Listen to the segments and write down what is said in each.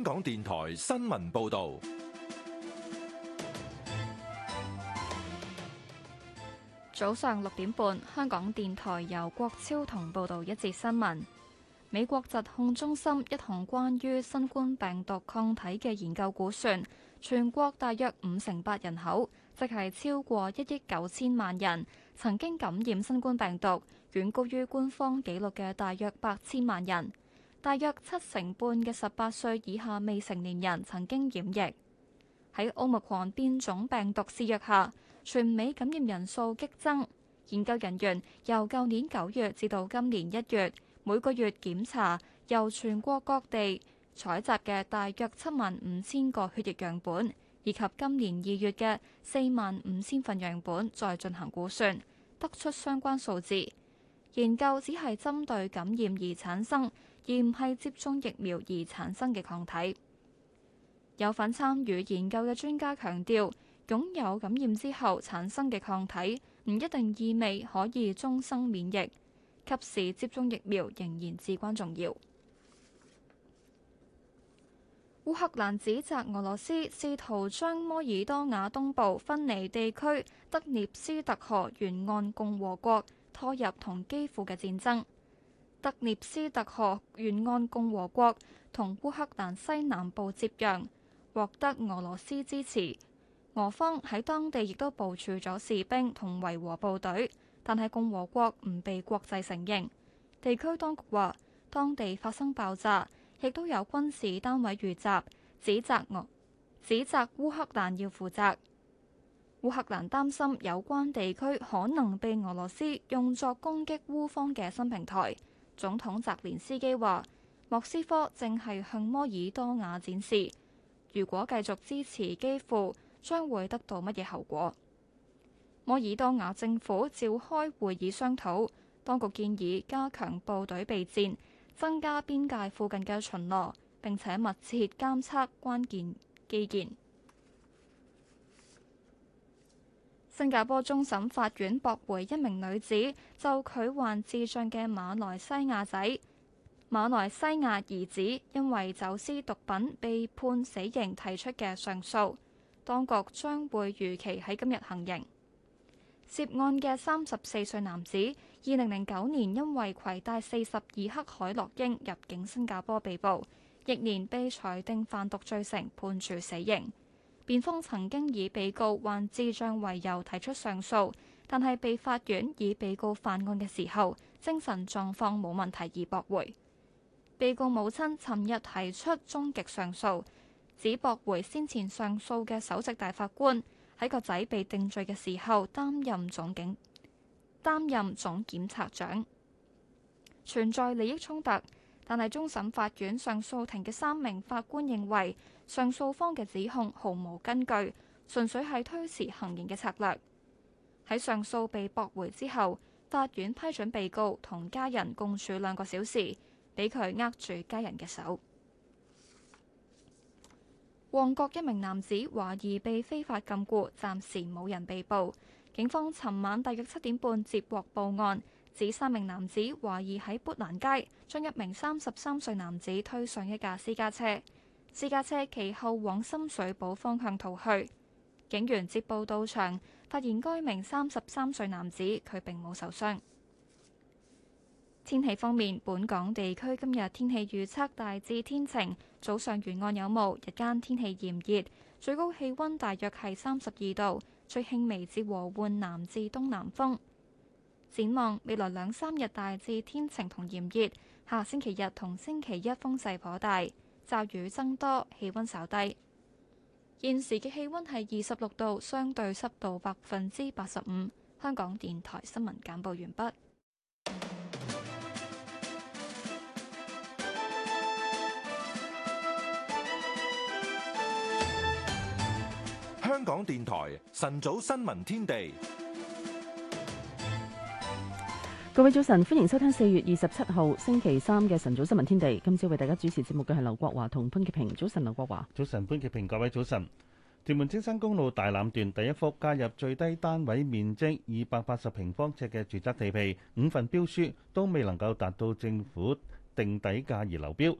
香港電台新聞報道，早上六點半，香港電台由郭超同報道一節新聞。美國疾控中心一項關於新冠病毒抗體嘅研究估算，全國大約五成八人口，即係超過一億九千萬人，曾經感染新冠病毒，遠高於官方紀錄嘅大約八千萬人。大約七成半嘅十八歲以下未成年人曾經染疫。喺奧密克戎變種病毒肆虐下，全美感染人數激增。研究人員由舊年九月至到今年一月每個月檢查由全國各地採集嘅大約七萬五千個血液樣本，以及今年二月嘅四萬五千份樣本，再進行估算，得出相關數字。研究只係針對感染而產生而唔係接種疫苗而產生嘅抗體。有份參與研究嘅專家強調，擁有感染之後產生嘅抗體唔一定意味可以終生免疫，及時接種疫苗仍然至關重要。烏克蘭指責俄羅斯試圖將摩爾多瓦東部分離地區德涅斯特河沿岸共和國拖入同基輔嘅戰爭。德涅斯特河沿岸共和國同烏克蘭西南部接壤，獲得俄羅斯支持。俄方喺當地亦都部署咗士兵同維和部隊，但係共和國唔被國際承認。地區當局話，當地發生爆炸，亦都有軍事單位遇襲，指責俄指責烏克蘭要負責。烏克蘭擔心有關地區可能被俄羅斯用作攻擊烏方嘅新平台。總統澤連斯基話：莫斯科正係向摩爾多瓦展示，如果繼續支持基輔，將會得到乜嘢後果。摩爾多瓦政府召開會議商討，當局建議加強部隊備戰，增加邊界附近嘅巡邏，並且密切監測關鍵基建。新加坡終審法院駁回一名女子就佢患智障嘅馬來西亞仔、馬來西亞兒子因為走私毒品被判死刑提出嘅上訴。當局將會如期喺今日行刑。涉案嘅三十四歲男子，二零零九年因為攜帶四十二克海洛因入境新加坡被捕，翌年被裁定販毒罪成，判處死刑。辯方曾經以被告患智障為由提出上訴，但係被法院以被告犯案嘅時候精神狀況冇問題而駁回。被告母親尋日提出終極上訴，指駁回先前上訴嘅首席大法官喺個仔被定罪嘅時候擔任總警，擔任總檢察長，存在利益衝突。但係，終審法院上訴庭嘅三名法官認為，上訴方嘅指控毫無根據，純粹係推遲行刑嘅策略。喺上訴被駁回之後，法院批准被告同家人共處兩個小時，俾佢握住家人嘅手。旺角一名男子懷疑被非法禁錮，暫時冇人被捕。警方尋晚大約七點半接獲報案。指三名男子懷疑喺砵蘭街將一名三十三歲男子推上一架私家車，私家車其後往深水埗方向逃去。警員接報到場，發現該名三十三歲男子佢並冇受傷。天氣方面，本港地區今日天氣預測大致天晴，早上沿岸有霧，日間天氣炎熱，最高氣温大約係三十二度，吹輕微至和緩南至東南風。展望未來兩三日大致天晴同炎熱，下星期日同星期一風勢頗大，驟雨增多，氣溫稍低。現時嘅氣溫係二十六度，相對濕度百分之八十五。香港電台新聞簡報完畢。香港電台晨早新聞天地。各位早晨，歡迎收聽四月二十七號星期三嘅晨早新聞天地。今朝為大家主持節目嘅係劉國華同潘潔平。早晨，劉國華。早晨，潘潔平。各位早晨。屯門青山公路大欖段第一幅加入最低單位面積二百八十平方尺嘅住宅地皮，五份標書都未能夠達到政府定底價而流標。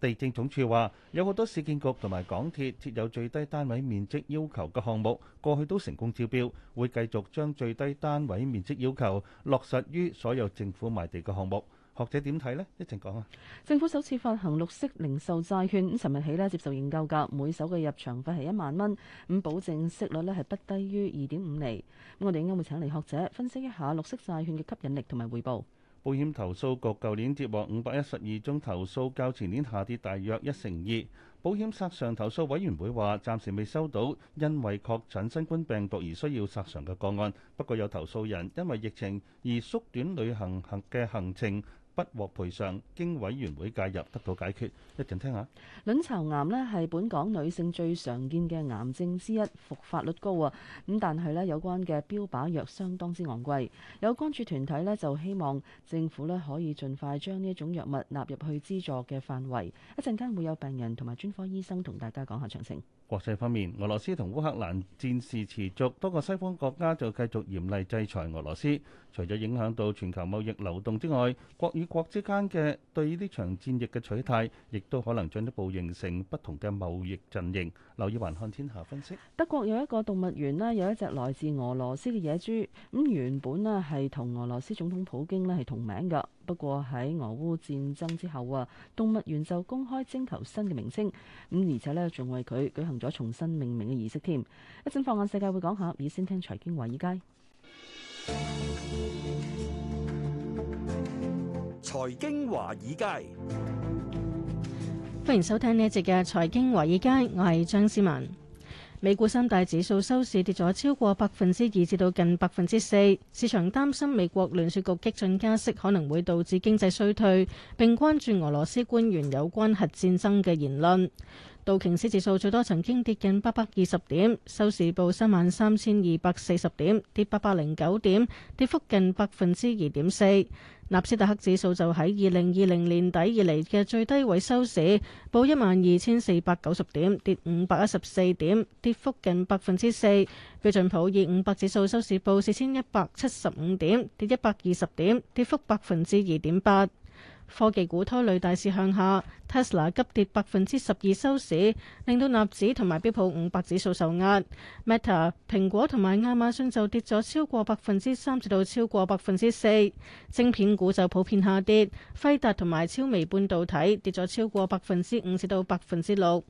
地政總署話有好多市建局同埋港鐵設有最低單位面積要求嘅項目，過去都成功招標，會繼續將最低單位面積要求落實於所有政府賣地嘅項目。學者點睇呢？一陣講啊！政府首次發行綠色零售債券，咁尋日起呢接受研究價，每手嘅入場費係一萬蚊，咁保證息率呢係不低於二點五厘。咁我哋應該會請嚟學者分析一下綠色債券嘅吸引力同埋回報。保險投訴局舊年接獲五百一十二宗投訴，較前年下跌大約一成二。保險索償投訴委員會話，暫時未收到因為確診新冠病毒而需要索償嘅個案，不過有投訴人因為疫情而縮短旅行行嘅行程，不獲賠償，經委員會介入得到解決。一陣聽下。卵巢癌呢係本港女性最常見嘅癌症之一，復發率高啊。咁但係呢有關嘅標靶藥相當之昂貴，有關注團體呢，就希望政府呢可以盡快將呢一種藥物納入去資助嘅範圍。一陣間會有病人同埋專科醫生同大家講下詳情。國際方面，俄羅斯同烏克蘭戰事持續，多個西方國家就繼續嚴厲制裁俄羅斯，除咗影響到全球貿易流動之外，國與國之間嘅對呢場戰役嘅取態，亦都可能進一步形成不同嘅貿易陣營。留意環看天下分析。德國有一個動物園呢，有一隻來自俄羅斯嘅野豬，咁原本呢係同俄羅斯總統普京呢係同名噶。不過喺俄烏戰爭之後啊，動物園就公開徵求新嘅名稱，咁而且咧仲為佢舉行咗重新命名嘅儀式添。一陣放眼世界會講下，以先聽財經華爾街。財經華爾街，歡迎收聽呢一節嘅財經華爾街，爾街我係張思文。美股三大指數收市跌咗超過百分之二至到近百分之四，市場擔心美國聯儲局激進加息可能會導致經濟衰退，並關注俄羅斯官員有關核戰爭嘅言論。道瓊斯指數最多曾經跌近八百二十點，收市報三萬三千二百四十點，跌八百零九點，跌幅近百分之二點四。納斯達克指數就喺二零二零年底以嚟嘅最低位收市，報一萬二千四百九十點，跌五百一十四點，跌幅近百分之四。標準普爾五百指數收市報四千一百七十五點，跌一百二十點，跌幅百分之二點八。科技股拖累大市向下，Tesla 急跌百分之十二收市，令到納指同埋標普五百指數受壓。Meta、蘋果同埋亞馬遜就跌咗超過百分之三至到超過百分之四，晶片股就普遍下跌，輝達同埋超微半導體跌咗超過百分之五至到百分之六。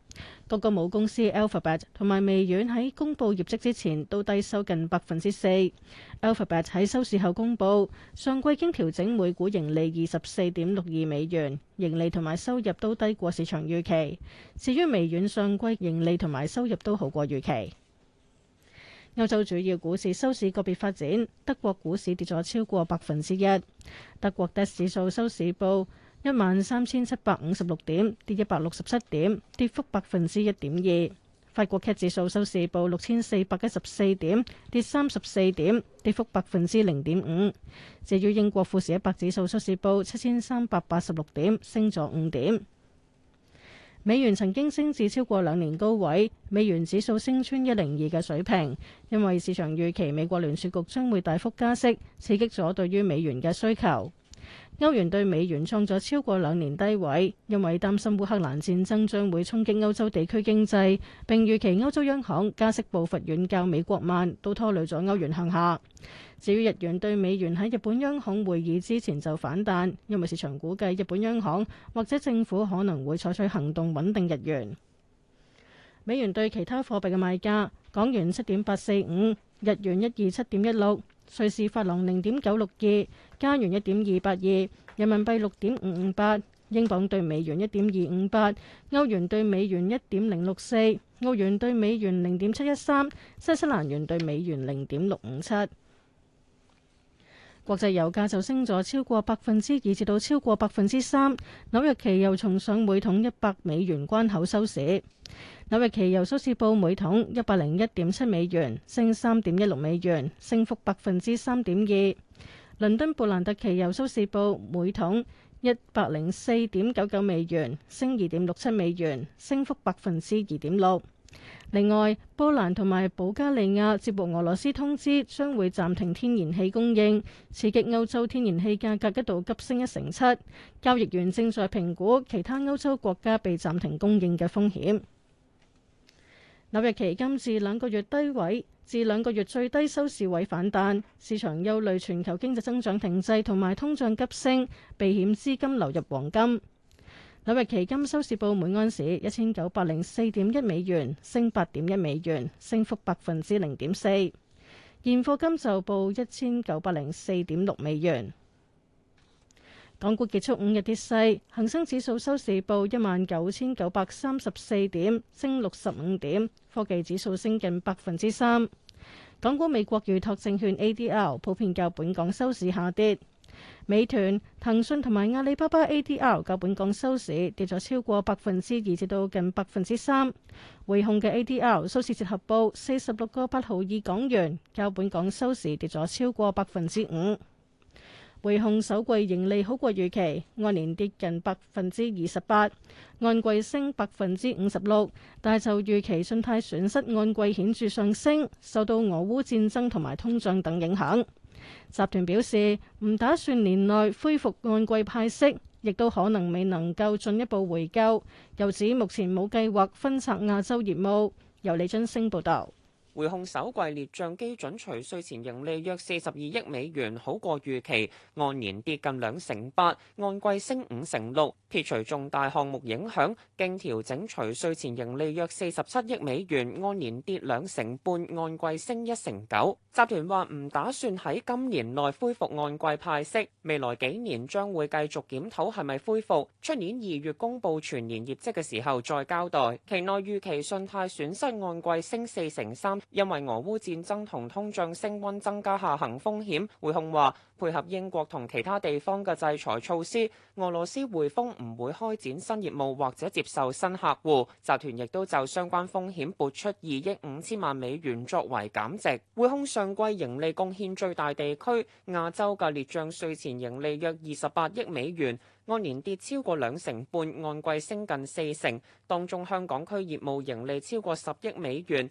不過，母公司 Alphabet 同埋微軟喺公布業績之前都低收近百分之四。Alphabet 喺收市後公布上季經調整每股盈利二十四點六二美元，盈利同埋收入都低過市場預期。至於微軟上季盈利同埋收入都好過預期。歐洲主要股市收市個別發展，德國股市跌咗超過百分之一，德國嘅指數收市報一萬三千七百五十六點，跌一百六十七點，跌幅百分之一點二。法國 CAC 指數收市報六千四百一十四點，跌三十四點，跌幅百分之零點五。至於英國富時一百指數收市報七千三百八十六點，升咗五點。美元曾經升至超過兩年高位，美元指數升穿一零二嘅水平，因為市場預期美國聯儲局將會大幅加息，刺激咗對於美元嘅需求。歐元對美元創咗超過兩年低位，因為擔心烏克蘭戰爭將會衝擊歐洲地區經濟，並預期歐洲央行加息步伐遠較美國慢，都拖累咗歐元向下。至於日元對美元喺日本央行會議之前就反彈，因為市場估計日本央行或者政府可能會採取行動穩定日元。美元對其他貨幣嘅賣價，港元七點八四五，日元一二七點一六，瑞士法郎零點九六二。加元一點二八二，2，人民幣六點五五八，英鎊對美元一點二五八，歐元對美元一點零六四，澳元對美元零點七一三，新西蘭元對美元零點六五七。國際油價就升咗超過百分之二，至到超過百分之三。紐約期油重上每桶一百美元關口收市。紐約期油收市報每桶一百零一點七美元，升三點一六美元，升幅百分之三點二。倫敦布蘭特期油收市報每桶一百零四點九九美元，升二點六七美元，升幅百分之二點六。另外，波蘭同埋保加利亞接獲俄羅斯通知，將會暫停天然氣供應，刺激歐洲天然氣價格一度急升一成七。交易員正在評估其他歐洲國家被暫停供應嘅風險。紐約期金至兩個月低位，至兩個月最低收市位反彈，市場憂慮全球經濟增長停滯同埋通脹急升，避險資金流入黃金。紐約期金收市報每安士一千九百零四點一美元，升八點一美元，升幅百分之零點四。現貨金就報一千九百零四點六美元。港股結束五日跌勢，恒生指數收市報一萬九千九百三十四點，升六十五點，科技指數升近百分之三。港股美國預託證券 ADL 普遍較本港收市下跌，美團、騰訊同埋阿里巴巴 ADL 較本港收市跌咗超過百分之二至到近百分之三。匯控嘅 ADL 收市折合報四十六個八毫二港元，較本港收市跌咗超過百分之五。匯控首季盈利好過預期，按年跌近百分之二十八，按季升百分之五十六，但就預期信貸損失按季顯著上升，受到俄烏戰爭同埋通脹等影響。集團表示唔打算年內恢復按季派息，亦都可能未能夠進一步回購。又指目前冇計劃分拆亞洲業務。由李津星報道。匯控首季列賬基準除稅前盈利約四十二億美元，好過預期，按年跌近兩成八，按季升五成六。撇除重大項目影響，經調整除稅前盈利約四十七億美元，按年跌兩成半，按季升一成九。集團話唔打算喺今年內恢復按季派息，未來幾年將會繼續檢討係咪恢復。出年二月公布全年業績嘅時候再交代。期內預期信貸損失按季升四成三。因為俄烏戰爭同通脹升溫增加下行風險，匯控話配合英國同其他地方嘅制裁措施，俄羅斯匯豐唔會開展新業務或者接受新客戶，集團亦都就相關風險撥出二億五千萬美元作為減值。匯控上季盈利貢獻最大地區亞洲嘅列賬稅前盈利約二十八億美元，按年跌超過兩成半，按季升近四成。當中香港區業務盈利超過十億美元。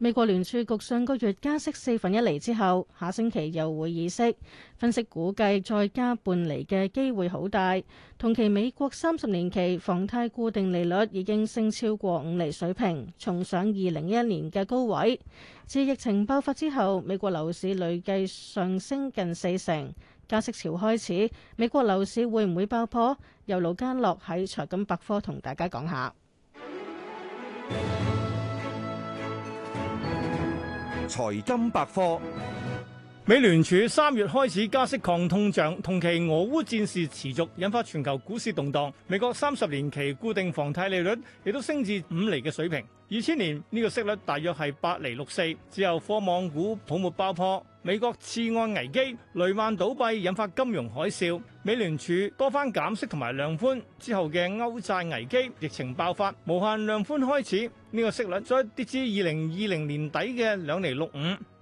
美國聯儲局上個月加息四分一厘之後，下星期又會議息，分析估計再加半厘嘅機會好大。同期美國三十年期房貸固定利率已經升超過五厘水平，重上二零一一年嘅高位。自疫情爆發之後，美國樓市累計上升近四成，加息潮開始，美國樓市會唔會爆破？由盧嘉樂喺財經百科同大家講下。 財金百科。美聯儲三月開始加息抗通脹，同期俄烏戰事持續，引發全球股市動盪。美國三十年期固定房貸利率亦都升至五厘嘅水平。二千年呢個息率大約係八厘六四，之後科網股泡沫爆破，美國次按危機、雷曼倒閉，引發金融海嘯。美聯儲多番減息同埋量寬之後嘅歐債危機、疫情爆發、無限量寬開始，呢個息率再跌至二零二零年底嘅兩厘六五。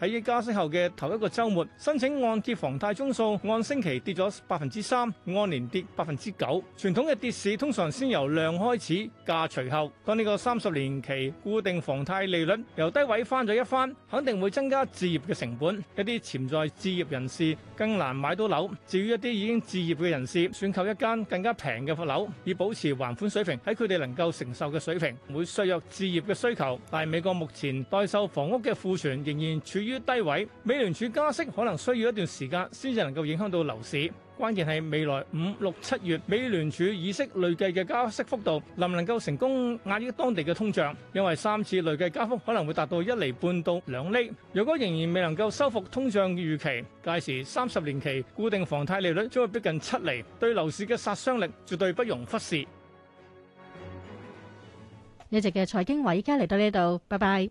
喺加息後嘅頭一個週末，申請按揭房貸宗數按星期跌咗百分之三，按年跌百分之九。傳統嘅跌市通常先由量開始，價隨後。當呢個三十年期固定房貸利率由低位翻咗一番，肯定會增加置業嘅成本。一啲潛在置業人士更難買到樓。至於一啲已經置業嘅人士，選購一間更加平嘅樓，以保持還款水平喺佢哋能夠承受嘅水平，會削弱置業嘅需求。但係美國目前待售房屋嘅庫存仍然處於於低位，美聯儲加息可能需要一段時間先至能夠影響到樓市。關鍵係未來五六七月，美聯儲議息，累計嘅加息幅度能唔能夠成功壓抑當地嘅通脹？因為三次累計加幅可能會達到一厘半到兩厘。如果仍然未能夠收復通脹預期，屆時三十年期固定房貸利率將會逼近七厘，對樓市嘅殺傷力絕對不容忽視。一直嘅財經話，而家嚟到呢度，拜拜。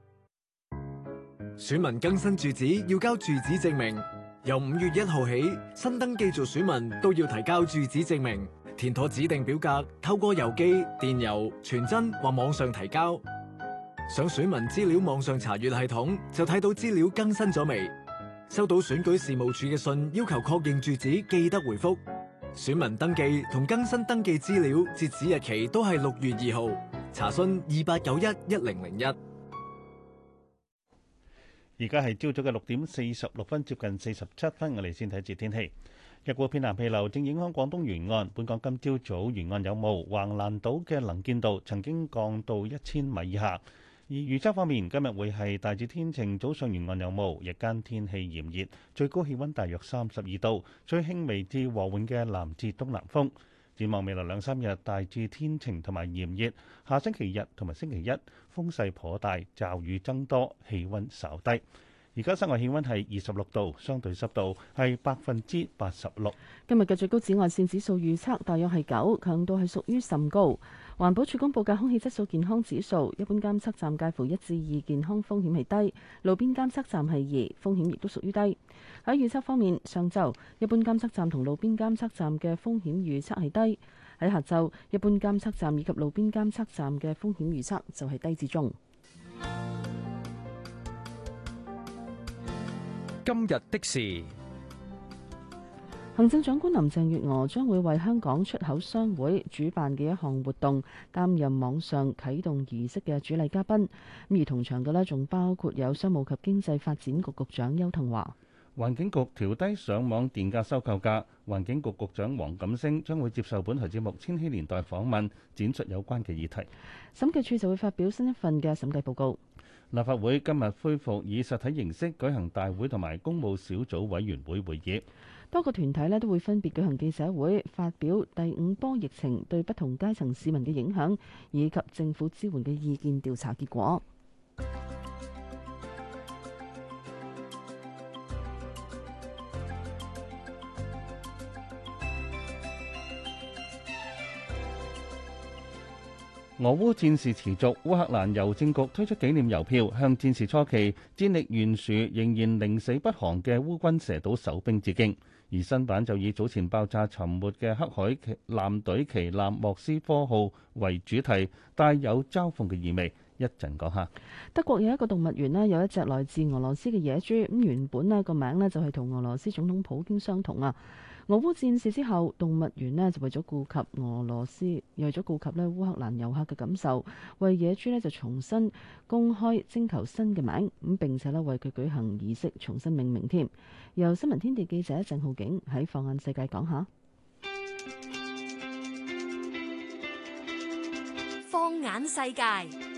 選民更新住址要交住址證明，由五月一號起，新登記做選民都要提交住址證明，填妥指定表格，透過郵寄、電郵、傳真或網上提交。上選民資料網上查閱系統就睇到資料更新咗未？收到選舉事務處嘅信要求確認住址，記得回覆。選民登記同更新登記資料截止日期都係六月二號。查詢二八九一一零零一。而家係朝早嘅六點四十六分，接近四十七分，我哋先睇次天氣。一股偏南氣流正影響廣東沿岸，本港今朝早，早沿岸有霧，橫瀾島嘅能見度曾經降到一千米以下。而預測方面，今日會係大致天晴，早上沿岸有霧，日間天氣炎熱，最高氣温大約三十二度，最輕微至和緩嘅南至東南風。展望未來兩三日，大致天晴同埋炎熱。下星期日同埋星期一，風勢頗大，驟雨增多，氣温稍低。而家室外氣温係二十六度，相對濕度係百分之八十六。今日嘅最高紫外線指數預測大約係九，強度係屬於甚高。環保署公布嘅空氣質素健康指數，一般監測站介乎一至二，健康風險係低；路邊監測站係二，風險亦都屬於低。喺預測方面，上晝一般監測站同路邊監測站嘅風險預測係低；喺下晝，一般監測站以及路邊監測站嘅風險預測就係低至中。今日的事。行政長官林鄭月娥將會為香港出口商會主辦嘅一項活動擔任網上啟動儀式嘅主禮嘉賓。咁而同場嘅呢，仲包括有商務及經濟發展局局長邱騰華。環境局調低上網電價收購價，環境局局長黃錦星將會接受本台節目《千禧年代》訪問，展出有關嘅議題。審計署就會發表新一份嘅審計報告。立法會今日恢復以實體形式舉行大會同埋公務小組委員會會議。多個團體呢都會分別舉行記者會，發表第五波疫情對不同階層市民嘅影響，以及政府支援嘅意見調查結果。俄烏戰事持續，烏克蘭郵政局推出紀念郵票，向戰事初期戰力懸殊，仍然寧死不降嘅烏軍蛇島守兵致敬。而新版就以早前爆炸沉沒嘅黑海艦隊旗艦莫斯科號為主題，帶有嘲諷嘅意味。一陣講下德國有一個動物園呢，有一隻來自俄羅斯嘅野豬咁，原本呢個名呢，就係同俄羅斯總統普京相同啊。俄烏戰事之後，動物園咧就為咗顧及俄羅斯，又為咗顧及咧烏克蘭遊客嘅感受，為野豬咧就重新公開徵求新嘅名，咁並且咧為佢舉行儀式，重新命名添。由新聞天地記者鄭浩景喺放眼世界講下。放眼世界。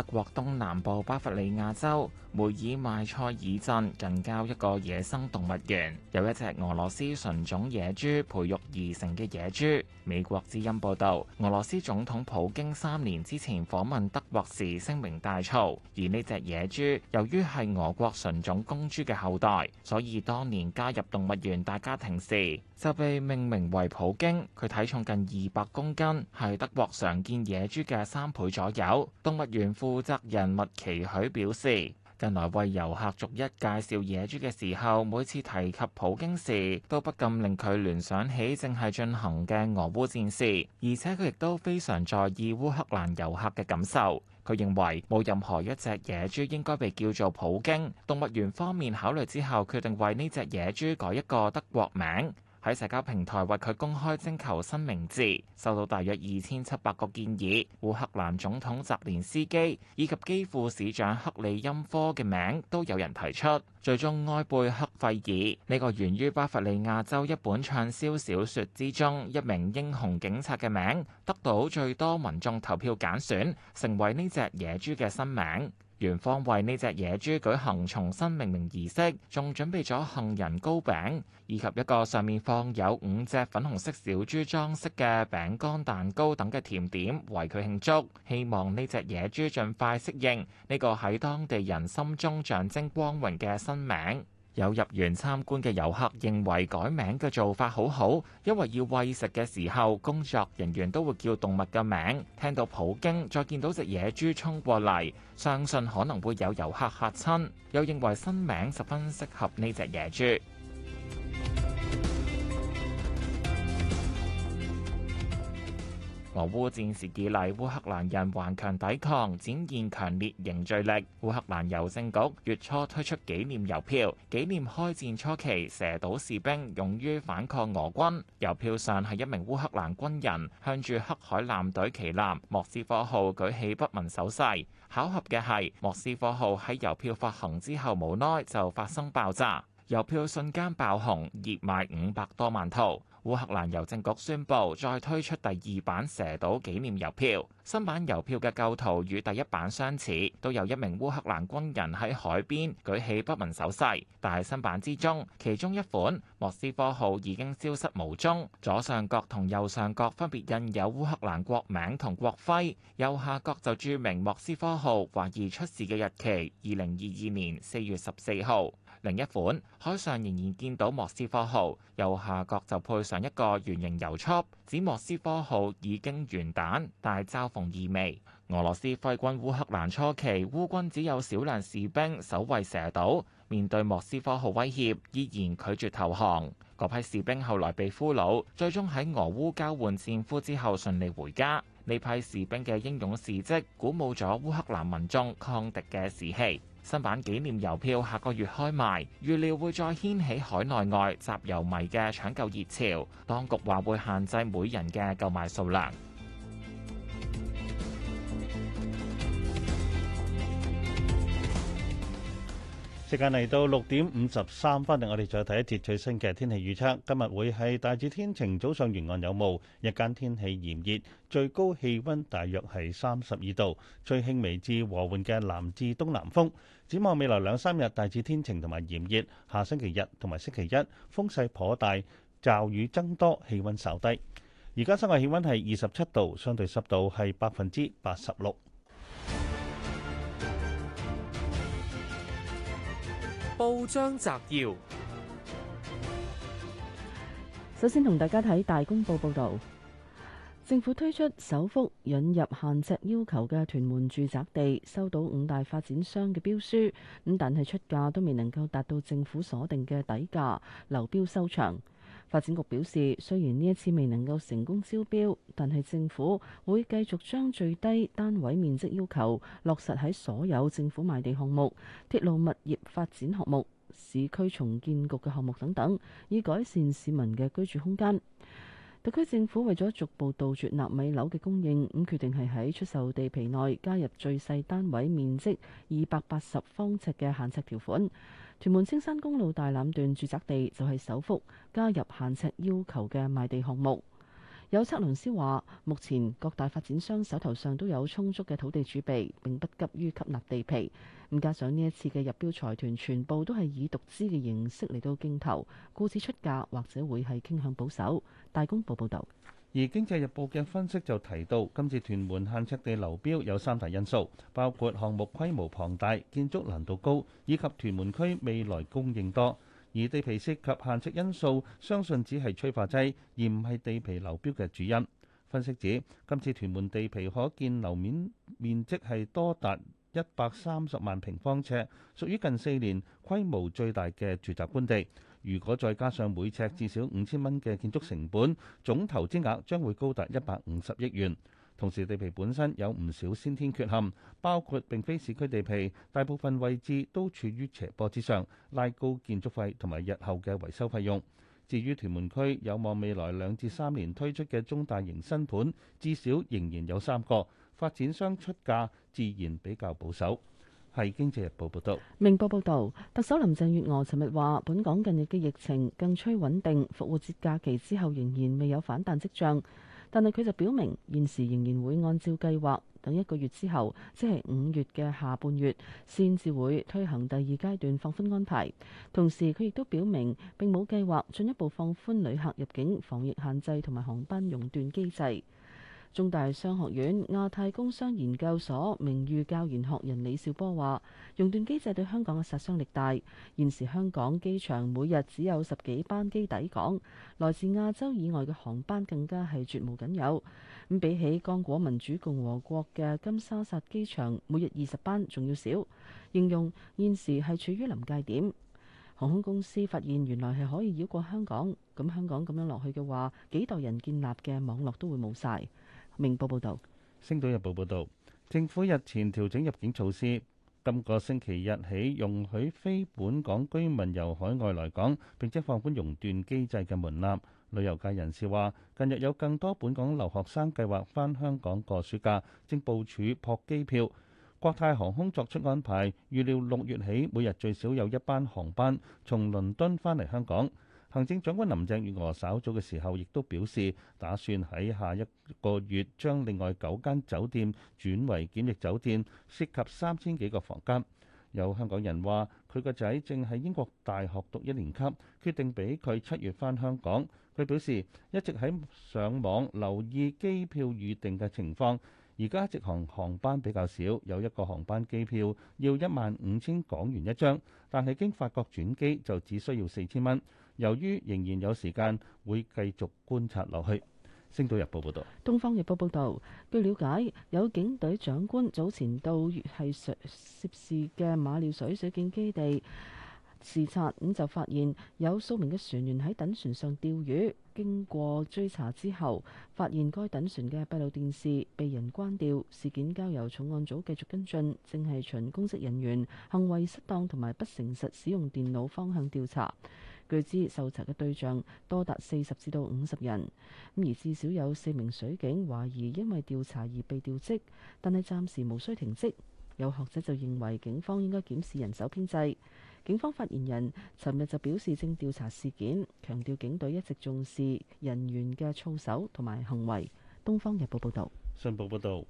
德國東南部巴伐利亞州梅爾邁賽爾鎮近郊一個野生動物園，有一隻俄羅斯純種野豬培育而成嘅野豬。美國之音報道，俄羅斯總統普京三年之前訪問德國時聲名大噪，而呢隻野豬由於係俄國純種公豬嘅後代，所以當年加入動物園大家庭時，就被命名為普京，佢體重近二百公斤，係德國常見野豬嘅三倍左右。動物園負責人麥奇許表示，近來為遊客逐一介紹野豬嘅時候，每次提及普京時都不禁令佢聯想起正係進行嘅俄烏戰事。而且佢亦都非常在意烏克蘭遊客嘅感受。佢認為冇任何一隻野豬應該被叫做普京。動物園方面考慮之後決定為呢隻野豬改一個德國名。.喺社交平台為佢公開徵求新名字，收到大約二千七百個建議。烏克蘭總統澤連斯基以及基輔市長克里欽科嘅名都有人提出。最終，埃貝克費爾呢個源於巴伐利亞州一本暢銷小，小說之中一名英雄警察嘅名，得到最多民眾投票揀選，成為呢隻野豬嘅新名。園方為呢隻野豬舉行重新命名儀式，仲準備咗杏仁糕餅以及一個上面放有五隻粉紅色小豬裝飾嘅餅乾蛋糕等嘅甜點為佢慶祝，希望呢隻野豬盡快適應呢個喺當地人心中象徵光榮嘅新名。有入園參觀嘅遊客認為改名嘅做法好好，因為要餵食嘅時候，工作人員都會叫動物嘅名，聽到普京再見到隻野豬衝過嚟，相信可能會有遊客嚇親，又認為新名十分適合呢隻野豬。俄烏戰事以嚟，烏克蘭人頑強抵抗，展現強烈凝聚力。烏克蘭郵政局月初推出紀念郵票，紀念開戰初期蛇島士兵勇於反抗俄軍。郵票上係一名烏克蘭軍人向住黑海艦隊旗艦莫斯科號舉起不文手勢。巧合嘅係，莫斯科號喺郵票發行之後無耐就發生爆炸。郵票瞬間爆紅，熱賣五百多萬套。烏克蘭郵政局宣佈再推出第二版蛇島紀念郵票，新版郵票嘅構圖與第一版相似，都有一名烏克蘭軍人喺海邊舉起不文手勢。但係新版之中，其中一款莫斯科號已經消失無蹤。左上角同右上角分別印有烏克蘭國名同國徽，右下角就注明莫斯科號懷疑出事嘅日期：二零二二年四月十四號。另一款海上仍然見到莫斯科號，右下角就配上一個圓形郵戳，指莫斯科號已經完蛋，但係嘲諷意味。俄羅斯揮軍烏克蘭初期，烏軍只有少量士兵守衛蛇島，面對莫斯科號威脅，依然拒絕投降。嗰批士兵後來被俘虜，最終喺俄烏交換戰俘之後順利回家。呢批士兵嘅英勇事跡鼓舞咗烏克蘭民眾抗敵嘅士氣。新版紀念郵票下個月開賣，預料會再掀起海內外集郵迷嘅搶購熱潮。當局話會限制每人嘅購買數量。時間嚟到六點五十三分，嚟我哋再睇一節最新嘅天氣預測。今日會係大致天晴，早上沿岸有霧，日間天氣炎熱，最高氣温大約係三十二度，最輕微至和緩嘅南至東南風。展望未來兩三日，大致天晴同埋炎熱，下星期日同埋星期一風勢頗大，驟雨增多，氣温稍低。而家室外氣温係二十七度，相對濕度係百分之八十六。報章摘要，首先同大家睇大公報報導。政府推出首幅引入限尺要求嘅屯門住宅地，收到五大發展商嘅標書，咁但係出價都未能夠達到政府鎖定嘅底價，流標收場。發展局表示，雖然呢一次未能夠成功招標，但係政府會繼續將最低單位面積要求落實喺所有政府賣地項目、鐵路物業發展項目、市區重建局嘅項目等等，以改善市民嘅居住空間。特區政府為咗逐步杜絕納米樓嘅供應，咁決定係喺出售地皮內加入最細單位面積二百八十方尺嘅限尺條款。屯門青山公路大欖段住宅地就係首幅加入限尺要求嘅賣地項目。有測量師話：目前各大發展商手頭上都有充足嘅土地儲備，並不急於吸納地皮。咁加上呢一次嘅入標財團全部都係以獨資嘅形式嚟到競投，故此出價或者會係傾向保守。大公報報道，而經濟日報嘅分析就提到，今次屯門限呎地流標有三大因素，包括項目規模龐大、建築難度高以及屯門區未來供應多。而地皮涉及限呎因素，相信只係催化劑，而唔係地皮流標嘅主因。分析指，今次屯門地皮可建樓面面積係多達一百三十萬平方尺，屬於近四年規模最大嘅住宅官地。如果再加上每尺至少五千蚊嘅建築成本，總投資額將會高達一百五十億元。同時，地皮本身有唔少先天缺陷，包括並非市區地皮，大部分位置都處於斜坡之上，拉高建築費同埋日後嘅維修費用。至於屯門區，有望未來兩至三年推出嘅中大型新盤，至少仍然有三個發展商出價，自然比較保守。係《經濟日報》報道，《明報》報道，特首林鄭月娥尋日話，本港近日嘅疫情更趨穩定，復活節假期之後仍然未有反彈跡象。但係佢就表明，現時仍然會按照計劃，等一個月之後，即係五月嘅下半月，先至會推行第二階段放寬安排。同時，佢亦都表明並冇計劃進一步放寬旅客入境防疫限制同埋航班熔斷機制。中大商學院亞太工商研究所名譽教研學人李兆波話，熔斷機制對香港嘅殺傷力大，現時香港機場每日只有十幾班機抵港，來自亞洲以外嘅航班，更加係絕無僅有。咁比起剛果民主共和國嘅金沙薩機場每日二十班仲要少，應用現時係處於臨界點。航空公司發現原來係可以繞過香港，咁香港咁樣落去嘅話，幾代人建立嘅網絡都會冇晒。明報報導，《星島日報》報導，政府日前調整入境措施，今個星期日起容許非本港居民由海外來港，並且放寬熔斷機制嘅門檻。旅遊界人士話，近日有更多本港留學生計劃返香港過暑假，正部署撲機票。國泰航空作出安排，預料六月起每日最少有一班航班從倫敦返嚟香港。行政長官林鄭月娥稍早嘅時候亦都表示，打算喺下一個月將另外九間酒店轉為檢疫酒店，涉及三千幾個房間。有香港人話：佢個仔正喺英國大學讀一年級，決定俾佢七月返香港。佢表示一直喺上網留意機票預定嘅情況，而家直航航班比較少，有一個航班機票要一萬五千港元一張，但係經法國轉機就只需要四千蚊。由於仍然有時間，會繼續觀察落去。星島日報報道，東方日報報道，據了解，有警隊長官早前到越係涉涉事嘅馬料水水警基地視察，咁就發現有數名嘅船員喺等船上釣魚。經過追查之後，發現該等船嘅閉路電視被人關掉。事件交由重案組繼續跟進，正係循公職人員行為失當同埋不誠實使用電腦方向調查。據知受查嘅對象多達四十至到五十人，咁而至少有四名水警懷疑因為調查而被調職，但係暫時無需停職。有學者就認為警方應該檢視人手編制。警方發言人尋日就表示正調查事件，強調警隊一直重視人員嘅操守同埋行為。《東方日報》報道。《信報》報導。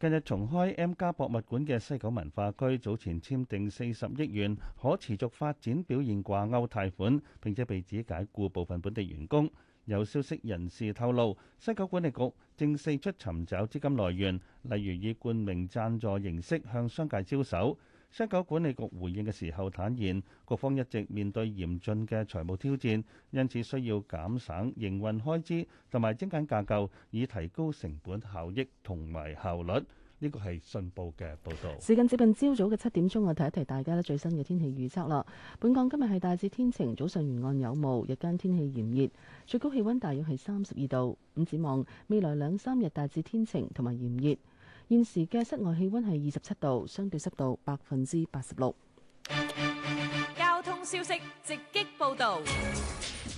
近日重開 M+ 博物館嘅西九文化區，早前簽訂四十億元可持續發展表現掛鈎貸款，並且被指解雇部分本地員工。有消息人士透露，西九管理局正四出尋找資金來源，例如以冠名贊助形式向商界招手。香港管理局回應嘅時候坦言，各方一直面對嚴峻嘅財務挑戰，因此需要減省營運開支同埋精簡架構，以提高成本效益同埋效率。呢個係信報嘅報道。時間接近朝早嘅七點鐘，我提一提大家咧，最新嘅天氣預測啦。本港今日係大致天晴，早上沿岸有霧，日間天氣炎熱，最高氣溫大約係三十二度。咁展望未來兩三日，大致天晴同埋炎熱。現時嘅室外氣溫係二十七度，相對濕度百分之八十六。交通消息直擊報道。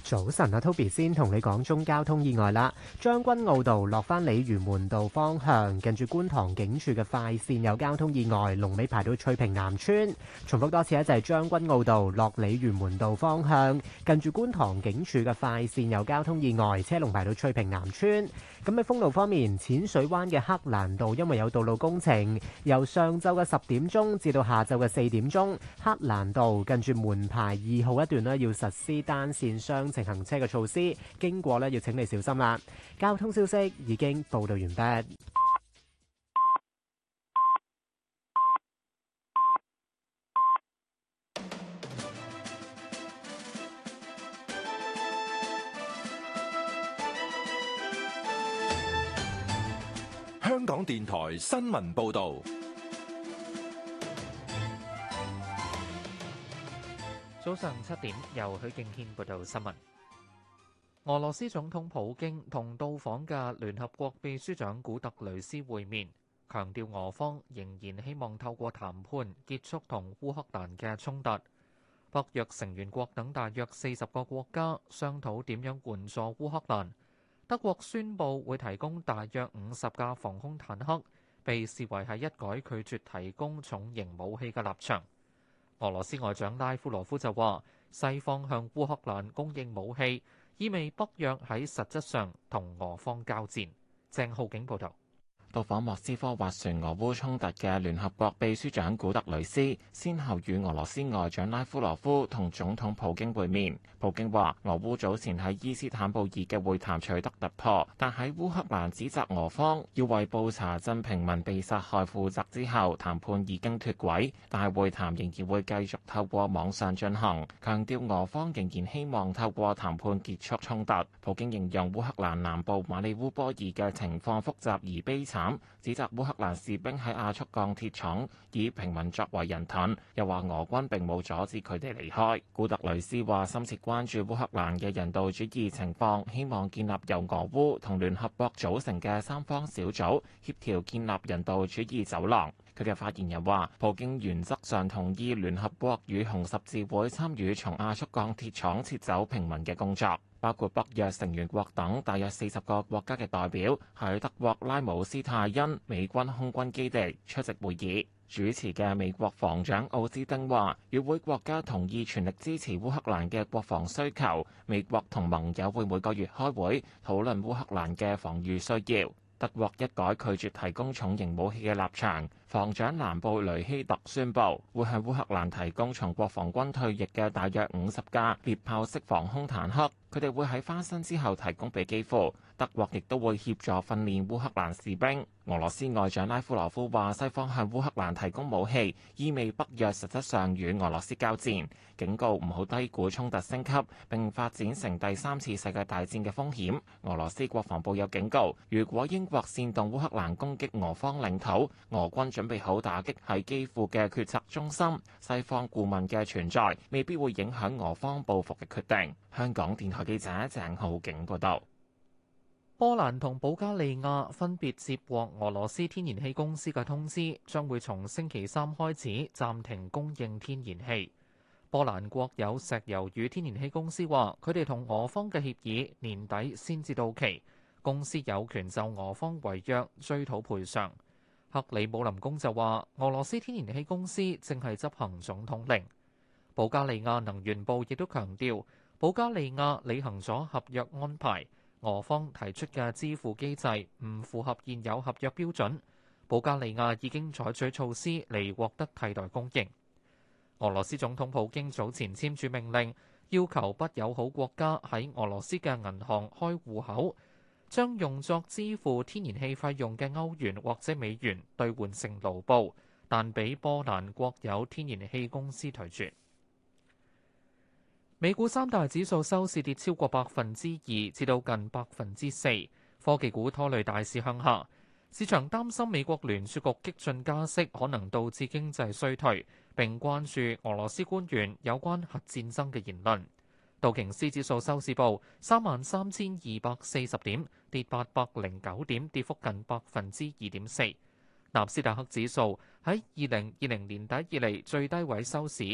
早晨啊，Toby 先同你講中交通意外啦。將軍澳道落返鯉魚門道方向，近住觀塘警署嘅快線有交通意外，龍尾排到翠屏南村。重複多次咧，就係將軍澳道落鯉魚門道方向，近住觀塘警署嘅快線有交通意外，車龍排到翠屏南村。咁喺封路方面，淺水灣嘅黑蘭道因為有道路工程，由上晝嘅十點鐘至到下晝嘅四點鐘，黑蘭道近住門牌二號一段呢，要實施單線雙程行車嘅措施，經過呢，要請你小心啦。交通消息已經報道完畢。香港電台新聞報道，早上七點，由許敬軒報道新聞。俄羅斯總統普京同到訪嘅聯合國秘書長古特雷斯會面，強調俄方仍然希望透過談判結束同烏克蘭嘅衝突。北約成員國等大約四十個國家商討點樣援助烏克蘭。德國宣布會提供大約五十架防空坦克，被視為係一改拒絕提供重型武器嘅立場。俄羅斯外長拉夫羅夫就話，西方向烏克蘭供應武器，意味北約喺實質上同俄方交戰。鄭浩景報道。到訪莫斯科斡旋俄烏衝突嘅聯合國秘書長古特雷斯，先後與俄羅斯外長拉夫羅夫同總統普京會面。普京話：俄烏早前喺伊斯坦布爾嘅會談取得突破，但喺烏克蘭指責俄方要為布查鎮平民被殺害負責之後，談判已經脫軌，但係會談仍然會繼續透過網上進行。強調俄方仍然希望透過談判結束衝突。普京形容烏克蘭南部馬里烏波爾嘅情況複雜而悲慘。指責烏克蘭士兵喺亞速鋼鐵廠以平民作為人盾，又話俄軍並冇阻止佢哋離開。古特雷斯話深切關注烏克蘭嘅人道主義情況，希望建立由俄烏同聯合國組成嘅三方小組，協調建立人道主義走廊。佢嘅發言人話，普京原則上同意聯合國與紅十字會參與從亞速鋼鐵廠撤走平民嘅工作。包括北約成員國等大約四十個國家嘅代表喺德國拉姆斯泰因美軍空軍基地出席會議。主持嘅美國防長奧斯汀話：與會國家同意全力支持烏克蘭嘅國防需求。美國同盟友會每個月開會討論烏克蘭嘅防禦需要。德國一改拒絕提供重型武器嘅立場。防長南布雷希特宣布，會向烏克蘭提供從國防軍退役嘅大約五十架獵豹式防空坦克，佢哋會喺翻新之後提供俾基輔。德國亦都會協助訓練烏克蘭士兵。俄羅斯外長拉夫羅夫話：西方向烏克蘭提供武器，意味北約實質上與俄羅斯交戰，警告唔好低估衝突升級並發展成第三次世界大戰嘅風險。俄羅斯國防部有警告：如果英國煽動烏克蘭攻擊俄方領土，俄軍將準備好打擊係基輔嘅決策中心，西方顧問嘅存在未必會影響俄方報復嘅決定。香港電台記者鄭浩景報道。波蘭同保加利亞分別接獲俄羅斯天然氣公司嘅通知，將會從星期三開始暫停供應天然氣。波蘭國有石油與天然氣公司話，佢哋同俄方嘅協議年底先至到期，公司有權就俄方違約追討賠償。克里姆林宮就話俄羅斯天然氣公司正係執行總統令。保加利亞能源部亦都強調，保加利亞履行咗合約安排，俄方提出嘅支付機制唔符合現有合約標準，保加利亞已經採取措施嚟獲得替代供應。俄羅斯總統普京早前簽署命令，要求不友好國家喺俄羅斯嘅銀行開戶口，將用作支付天然氣費用嘅歐元或者美元兌換成盧布，但俾波蘭國有天然氣公司拒絕。美股三大指數收市跌超過百分之二，至到近百分之四。科技股拖累大市向下。市場擔心美國聯儲局激進加息可能導致經濟衰退，並關注俄羅斯官員有關核戰爭嘅言論。道瓊斯指數收市報三萬三千二百四十點，跌八百零九點，跌幅近百分之二點四。納斯達克指數喺二零二零年底以嚟最低位收市，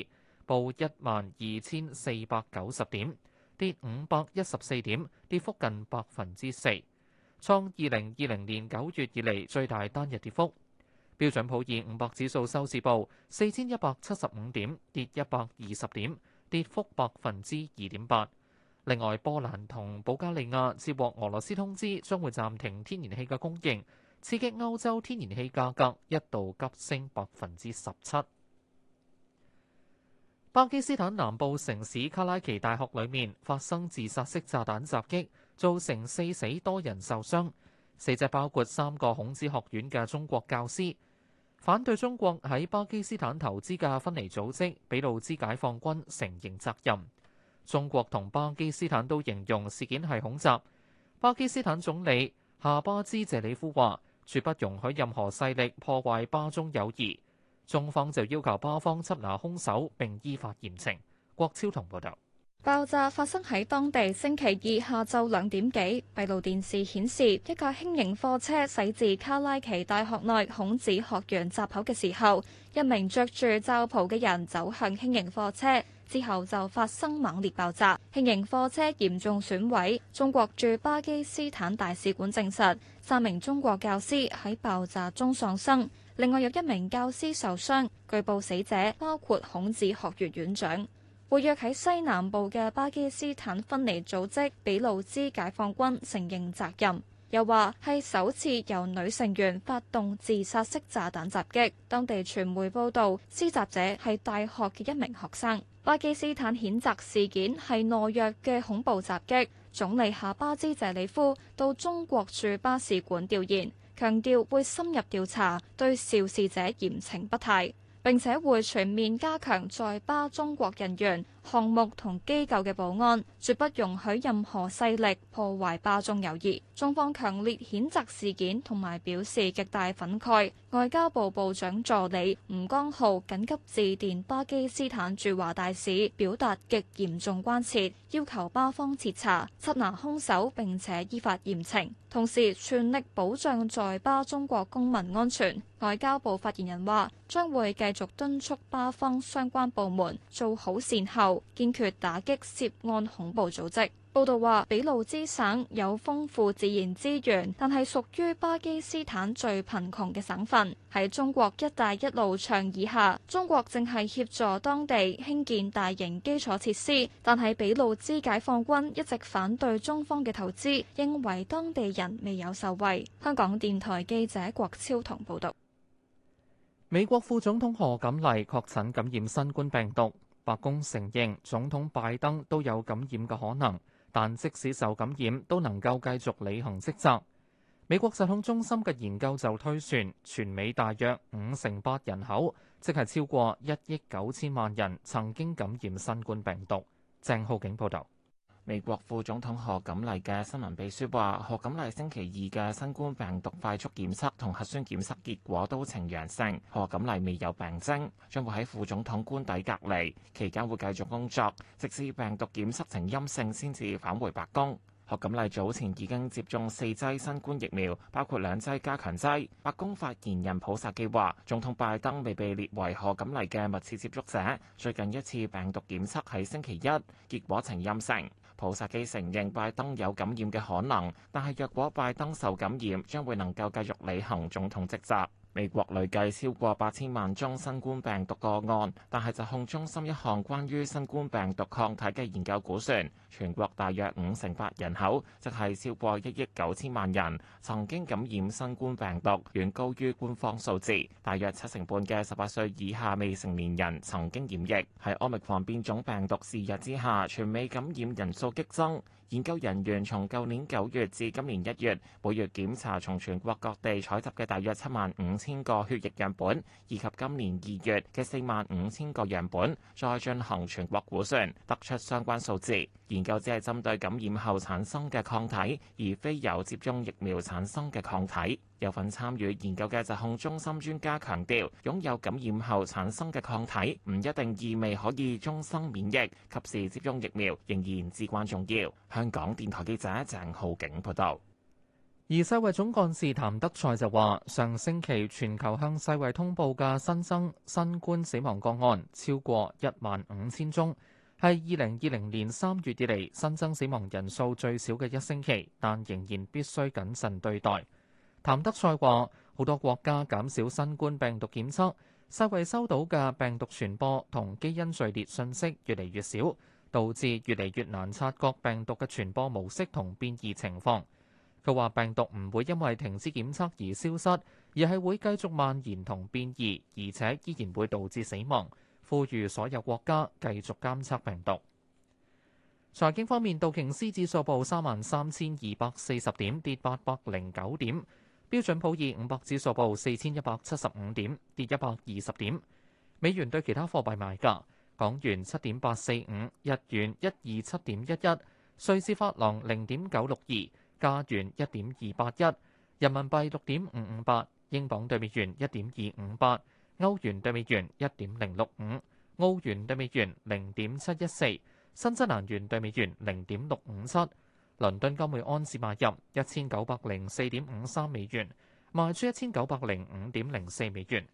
報一萬二千四百九十點，跌五百一十四點，跌幅近百分之四，創二零二零年九月以嚟最大單日跌幅。標準普爾五百指數收市報四千一百七十五點，跌一百二十點。跌幅百分之二點八。另外，波蘭同保加利亞接獲俄羅斯通知，將會暫停天然氣嘅供應，刺激歐洲天然氣價格一度急升百分之十七。巴基斯坦南部城市卡拉奇大學裏面發生自殺式炸彈襲擊，造成四死多人受傷，死者包括三個孔子學院嘅中國教師。反對中國喺巴基斯坦投資嘅分離組織俾路支解放軍承認責任。中國同巴基斯坦都形容事件係恐襲。巴基斯坦總理夏巴茲謝里夫話：絕不容許任何勢力破壞巴中友誼。中方就要求巴方緝拿兇手並依法嚴懲。郭超同報道。爆炸發生喺當地星期二下晝兩點幾。閉路電視顯示，一架輕型貨車駛至卡拉奇大學內孔子學院閘口嘅時候，一名着住罩袍嘅人走向輕型貨車，之後就發生猛烈爆炸。輕型貨車嚴重損毀。中國駐巴基斯坦大使館證實，三名中國教師喺爆炸中喪生，另外有一名教師受傷。據報死者包括孔子學院院長。活躍喺西南部嘅巴基斯坦分離組織俾路支解放軍承認責任，又話係首次由女成員發動自殺式炸彈襲擊。當地傳媒報道，施襲者係大學嘅一名學生。巴基斯坦譴責事件係懦弱嘅恐怖襲擊。總理夏巴茲謝里夫到中國駐巴士館調研，強調會深入調查，對肇事者嚴懲不貸。並且會全面加強在巴中國人員，項目同機構嘅保安，絕不容許任何勢力破壞巴中友誼。中方強烈譴責事件，同埋表示極大憤慨。外交部部長助理吳江浩緊急致電巴基斯坦駐華大使，表達極嚴重關切，要求巴方徹查、緝拿凶手，並且依法嚴懲。同時，全力保障在巴中國公民安全。外交部發言人話：將會繼續敦促巴方相關部門做好善後。堅決打擊涉案恐怖組織。報道話，俾路茲省有豐富自然資源，但係屬於巴基斯坦最貧窮嘅省份，喺中國“一帶一路”倡議下，中國正係協助當地興建大型基礎設施，但係俾路茲解放軍一直反對中方嘅投資，認為當地人未有受惠。香港電台記者郭超同報道。美國副總統何錦麗確診感染新冠病毒。白宮承認總統拜登都有感染嘅可能，但即使受感染，都能夠繼續履行職責。美國疾控中心嘅研究就推算，全美大約五成八人口，即係超過一億九千萬人曾經感染新冠病毒。鄭浩景報導。美國副總統賀錦麗嘅新聞秘書話：賀錦麗星期二嘅新冠病毒快速檢測同核酸檢測結果都呈陽性，賀錦麗未有病徵，將會喺副總統官邸隔離，期間會繼續工作，直至病毒檢測呈陰性先至返回白宮。賀錦麗早前已經接種四劑新冠疫苗，包括兩劑加強劑。白宮發言人普薩基話：總統拜登未被列為賀錦麗嘅密切接觸者，最近一次病毒檢測喺星期一，結果呈陰性。普薩基承認拜登有感染嘅可能，但係若果拜登受感染，將會能夠繼續履行總統職責。美國累計超過八千萬宗新冠病毒個案，但係疾控中心一項關於新冠病毒抗體嘅研究估算，全國大約五成八人口，即係超過一億九千萬人，曾經感染新冠病毒，遠高於官方數字。大約七成半嘅十八歲以下未成年人曾經染疫。喺奧密克戎變種病毒肆虐之下，全美感染人數激增。研究人員從舊年九月至今年一月，每月檢查從全國各地採集嘅大約七萬五千個血液樣本，以及今年二月嘅四萬五千個樣本，再進行全國估算，得出相關數字。研究只係針對感染後產生嘅抗體，而非有接種疫苗產生嘅抗體。有份參與研究嘅疾控中心專家強調，擁有感染後產生嘅抗體唔一定意味可以終生免疫，及時接種疫苗仍然至關重要。香港電台記者鄭浩景報道。而世衞總幹事譚德塞就話：上星期全球向世衞通報嘅新增新冠死亡個案超過一萬五千宗。係二零二零年三月以嚟新增死亡人數最少嘅一星期，但仍然必須謹慎對待。譚德塞話，好多國家減少新冠病毒檢測，世衛收到嘅病毒傳播同基因序列信息越嚟越少，導致越嚟越難察覺病毒嘅傳播模式同變異情況。佢話，病毒唔會因為停止檢測而消失，而係會繼續蔓延同變異，而且依然會導致死亡。呼籲所有國家繼續監測病毒。財經方面，道瓊斯指數報三萬三千二百四十點，跌八百零九點；標準普爾五百指數報四千一百七十五點，跌一百二十點。美元對其他貨幣賣價：港元七點八四五，日元一二七點一一，瑞士法郎零點九六二，加元一點二八一，人民幣六點五五八，英鎊對美元一點二五八。歐元對美元一點零六五，澳元對美元零點七一四，新西蘭元對美元零點六五七。倫敦金每盎司買入一千九百零四點五三美元，賣出一千九百零五點零四美元。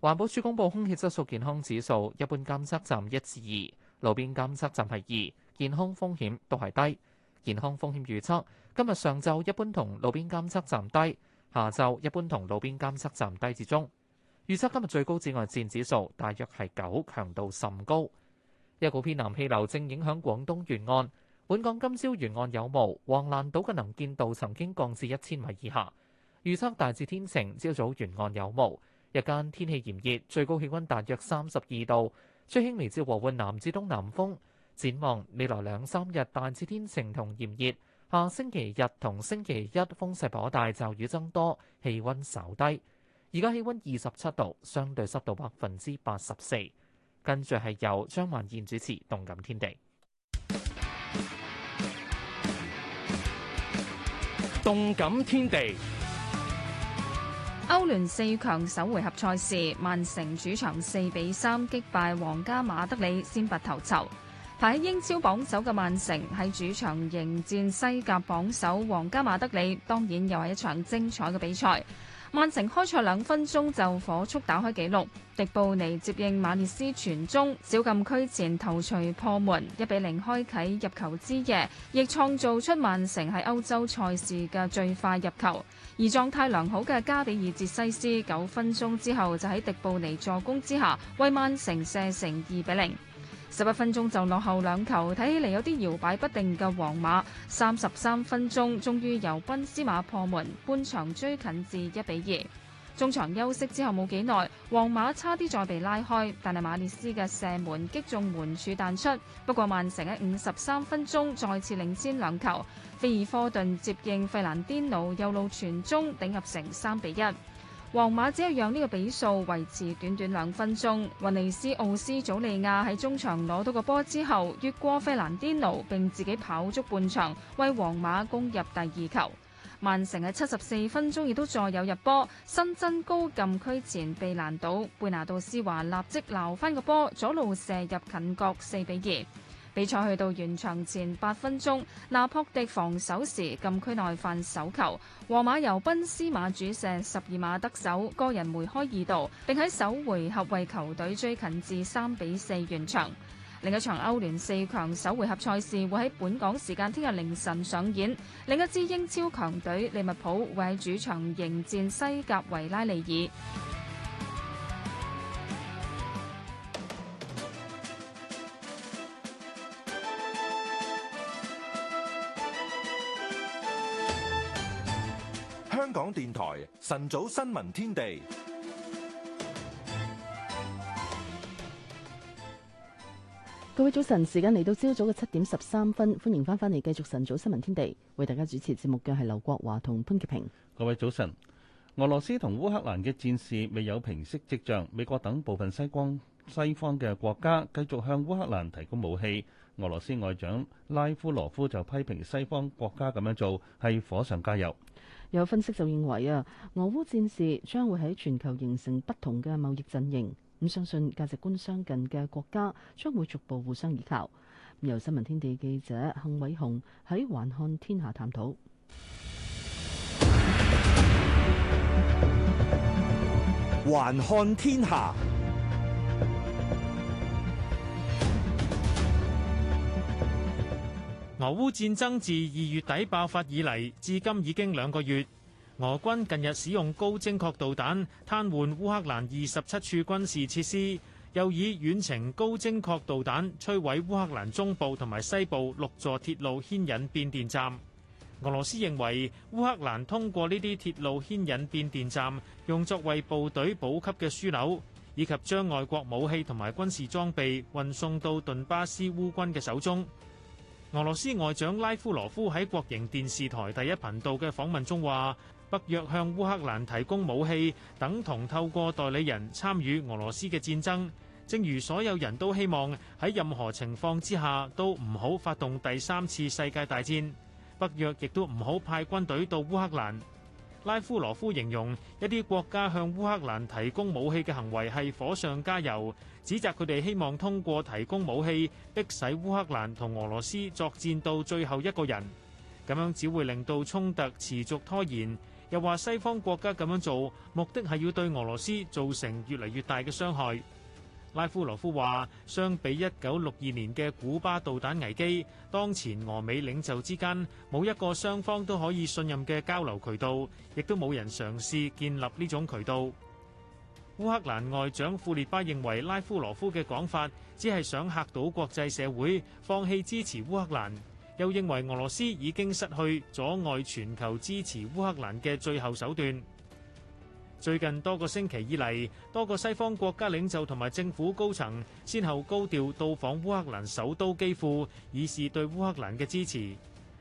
環保署公布空氣質素健康指數，一般監測站一至二，路邊監測站係二，健康風險都係低。健康風險預測今日上晝一般同路邊監測站低，下晝一般同路邊監測站低至中。預測今日最高紫外線指數大約係九，強度甚高。一股偏南氣流正影響廣東沿岸，本港今朝沿岸有霧，橫瀾島嘅能見度曾經降至一千米以下。預測大致天晴，朝早沿岸有霧，日間天氣炎熱，最高氣温大約三十二度，最輕微至和緩南至東南風。展望未來兩三日大致天晴同炎熱，下星期日同星期一風勢頗大，驟雨增多，氣温稍低。而家氣溫二十七度，相對濕度百分之八十四。跟住係由張萬燕主持《動感天地》。《動感天地》歐聯四強首回合賽事，曼城主場四比三擊敗皇家馬德里，先拔頭籌。排喺英超榜首嘅曼城喺主場迎戰西甲榜首皇家馬德里，當然又係一場精彩嘅比賽。曼城開賽兩分鐘就火速打開紀錄，迪布尼接應馬列斯傳中，小禁區前頭錘破門，一比零開啟入球之夜，亦創造出曼城喺歐洲賽事嘅最快入球。而狀態良好嘅加比爾捷西斯九分鐘之後就喺迪布尼助攻之下，為曼城射成二比零。十一分鐘就落後兩球，睇起嚟有啲搖擺不定嘅皇馬。三十三分鐘終於由賓斯馬破門，半場追近至一比二。中場休息之後冇幾耐，皇馬差啲再被拉開，但係馬列斯嘅射門擊中門柱彈出。不過曼城喺五十三分鐘再次領先兩球，菲爾科頓接應費蘭迪奴右路傳中頂合成三比一。皇馬只係讓呢個比數維持短短兩分鐘，威尼斯奧斯祖利亞喺中場攞到個波之後，越過菲蘭迪奴，並自己跑足半場，為皇馬攻入第二球。曼城喺七十四分鐘亦都再有入波，新增高禁區前被攔到，貝拿 u 斯 o 立即撈翻個波，左路射入近角，四比二。比賽去到完場前八分鐘，納波迪防守時禁區內犯手球，皇馬由賓斯馬主射十二碼得手，個人梅開二度，並喺首回合為球隊追近至三比四完場。另一場歐聯四強首回合賽事會喺本港時間聽日凌晨上演，另一支英超強隊利物浦會喺主場迎戰西甲維拉利爾。香港電台晨早新聞天地，各位早晨，時間嚟到朝早嘅七點十三分，歡迎翻翻嚟繼續晨早新聞天地，為大家主持節目嘅係劉國華同潘潔平。各位早晨，俄羅斯同烏克蘭嘅戰事未有平息跡象，美國等部分西方西方嘅國家繼續向烏克蘭提供武器，俄羅斯外長拉夫羅夫就批評西方國家咁樣做係火上加油。有分析就認為啊，俄烏戰事將會喺全球形成不同嘅貿易陣營，咁相信價值觀相近嘅國家將會逐步互相依靠。由新聞天地記者幸偉雄喺《環看天下》探討。《環看天下》。俄烏戰爭自二月底爆發以嚟，至今已經兩個月。俄軍近日使用高精確導彈癱瘓烏克蘭二十七處軍事設施，又以遠程高精確導彈摧毀烏克蘭中部同埋西部六座鐵路牽引變電站。俄羅斯認為，烏克蘭通過呢啲鐵路牽引變電站，用作為部隊補給嘅樞紐，以及將外國武器同埋軍事裝備運送到頓巴斯烏軍嘅手中。俄羅斯外長拉夫羅夫喺國營電視台第一頻道嘅訪問中話：北約向烏克蘭提供武器，等同透過代理人參與俄羅斯嘅戰爭。正如所有人都希望喺任何情況之下都唔好發動第三次世界大戰，北約亦都唔好派軍隊到烏克蘭。拉夫羅夫形容一啲國家向烏克蘭提供武器嘅行為係火上加油，指責佢哋希望通過提供武器迫使烏克蘭同俄羅斯作戰到最後一個人，咁樣只會令到衝突持續拖延。又話西方國家咁樣做，目的係要對俄羅斯造成越嚟越大嘅傷害。拉夫羅夫話：相比一九六二年嘅古巴導彈危機，當前俄美領袖之間冇一個雙方都可以信任嘅交流渠道，亦都冇人嘗試建立呢種渠道。烏克蘭外長庫列巴認為拉夫羅夫嘅講法只係想嚇倒國際社會放棄支持烏克蘭，又認為俄羅斯已經失去阻礙全球支持烏克蘭嘅最後手段。最近多個星期以嚟，多個西方國家領袖同埋政府高層，先後高調到訪烏克蘭首都基輔，以示對烏克蘭嘅支持。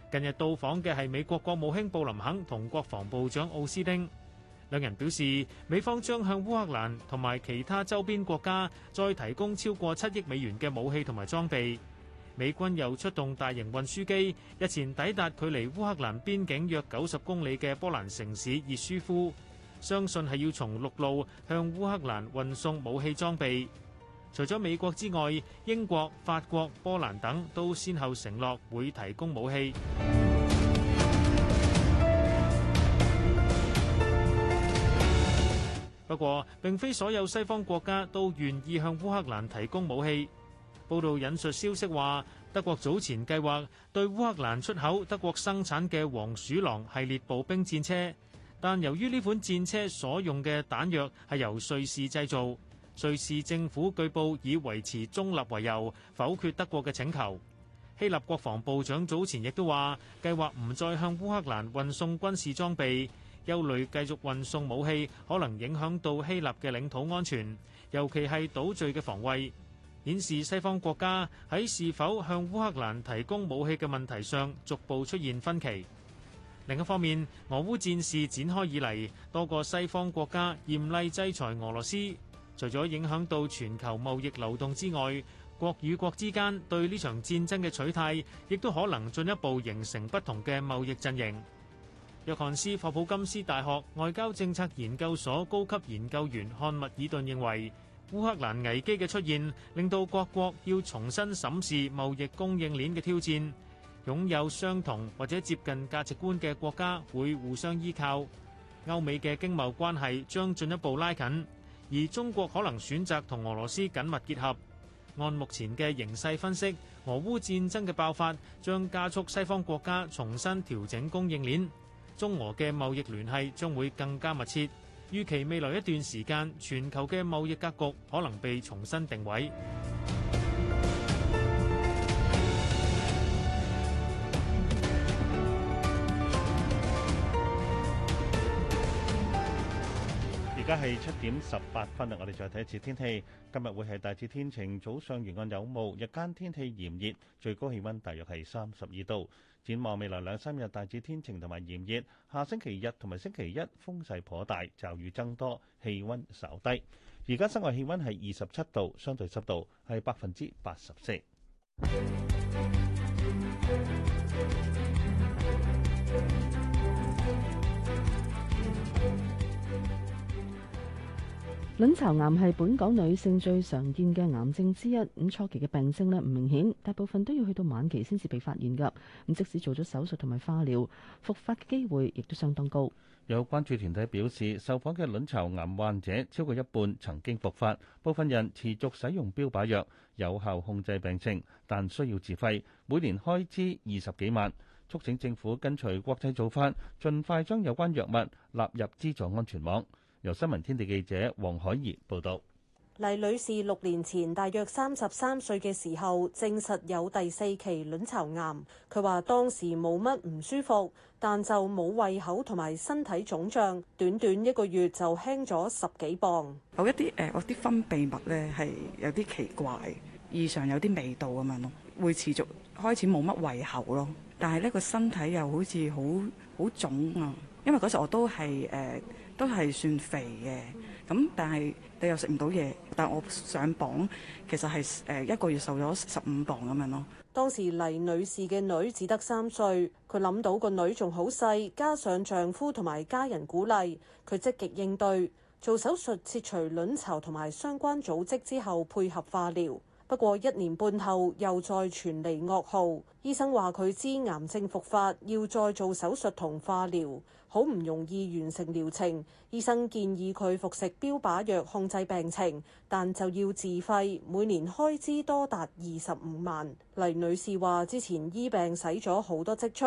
近日到訪嘅係美國國務卿布林肯同國防部長奧斯汀，兩人表示美方將向烏克蘭同埋其他周邊國家再提供超過七億美元嘅武器同埋裝備。美軍又出動大型運輸機，日前抵達距離烏克蘭邊境約九十公里嘅波蘭城市熱舒夫。相信係要從陸路向烏克蘭運送武器裝備。除咗美國之外，英國、法國、波蘭等都先後承諾會提供武器。不過，並非所有西方國家都願意向烏克蘭提供武器。報道引述消息話，德國早前計劃對烏克蘭出口德國生產嘅黃鼠狼系列步兵戰車。但由於呢款戰車所用嘅彈藥係由瑞士製造，瑞士政府據報以維持中立為由否決德國嘅請求。希臘國防部長早前亦都話，計劃唔再向烏克蘭運送軍事裝備，憂慮繼續運送武器可能影響到希臘嘅領土安全，尤其係島嶼嘅防衞。顯示西方國家喺是否向烏克蘭提供武器嘅問題上，逐步出現分歧。另一方面，俄烏戰事展開以嚟，多個西方國家嚴厲制裁俄羅斯，除咗影響到全球貿易流動之外，國與國之間對呢場戰爭嘅取態，亦都可能進一步形成不同嘅貿易陣營。約翰斯霍普金斯大學外交政策研究所高級研究員漢密爾頓認為，烏克蘭危機嘅出現，令到各國要重新審視貿易供應鏈嘅挑戰。擁有相同或者接近價值觀嘅國家會互相依靠，歐美嘅經貿關係將進一步拉近，而中國可能選擇同俄羅斯緊密結合。按目前嘅形勢分析，俄烏戰爭嘅爆發將加速西方國家重新調整供應鏈，中俄嘅貿易聯繫將會更加密切。預期未來一段時間，全球嘅貿易格局可能被重新定位。而家係七點十八分啊。我哋再睇一次天氣。今日會係大致天晴，早上沿岸有霧，日間天氣炎熱，最高氣溫大約係三十二度。展望未來兩三日大致天晴同埋炎熱，下星期日同埋星期一風勢頗大，驟雨增多，氣溫稍低。而家室外氣溫係二十七度，相對濕度係百分之八十四。卵巢癌係本港女性最常見嘅癌症之一，咁初期嘅病症呢，唔明顯，大部分都要去到晚期先至被發現㗎。咁即使做咗手術同埋化療，復發嘅機會亦都相當高。有關注團體表示，受訪嘅卵巢癌患者超過一半曾經復發，部分人持續使用標靶藥，有效控制病情，但需要自費，每年開支二十幾萬，促請政府跟隨國際做法，盡快將有關藥物納入資助安全網。由新聞天地記者黃海怡報道。黎女士六年前大約三十三歲嘅時候證實有第四期卵巢癌。佢話當時冇乜唔舒服，但就冇胃口同埋身體腫脹，短短一個月就輕咗十幾磅。有一啲誒，我啲分泌物咧係有啲奇怪、異常，有啲味道咁樣咯，會持續開始冇乜胃口咯。但係呢個身體又好似好好腫啊，因為嗰時我都係誒。呃都係算肥嘅，咁但係你又食唔到嘢，但，但我上磅其實係誒一個月瘦咗十五磅咁樣咯。當時黎女士嘅女只得三歲，佢諗到個女仲好細，加上丈夫同埋家人鼓勵，佢積極應對。做手術切除卵巢同埋相關組織之後，配合化療。不過一年半後又再傳嚟噩耗，醫生話佢知癌症復發，要再做手術同化療。好唔容易完成療程，醫生建議佢服食標靶藥控制病情，但就要自費，每年開支多達二十五萬。黎女士話之前醫病使咗好多積蓄，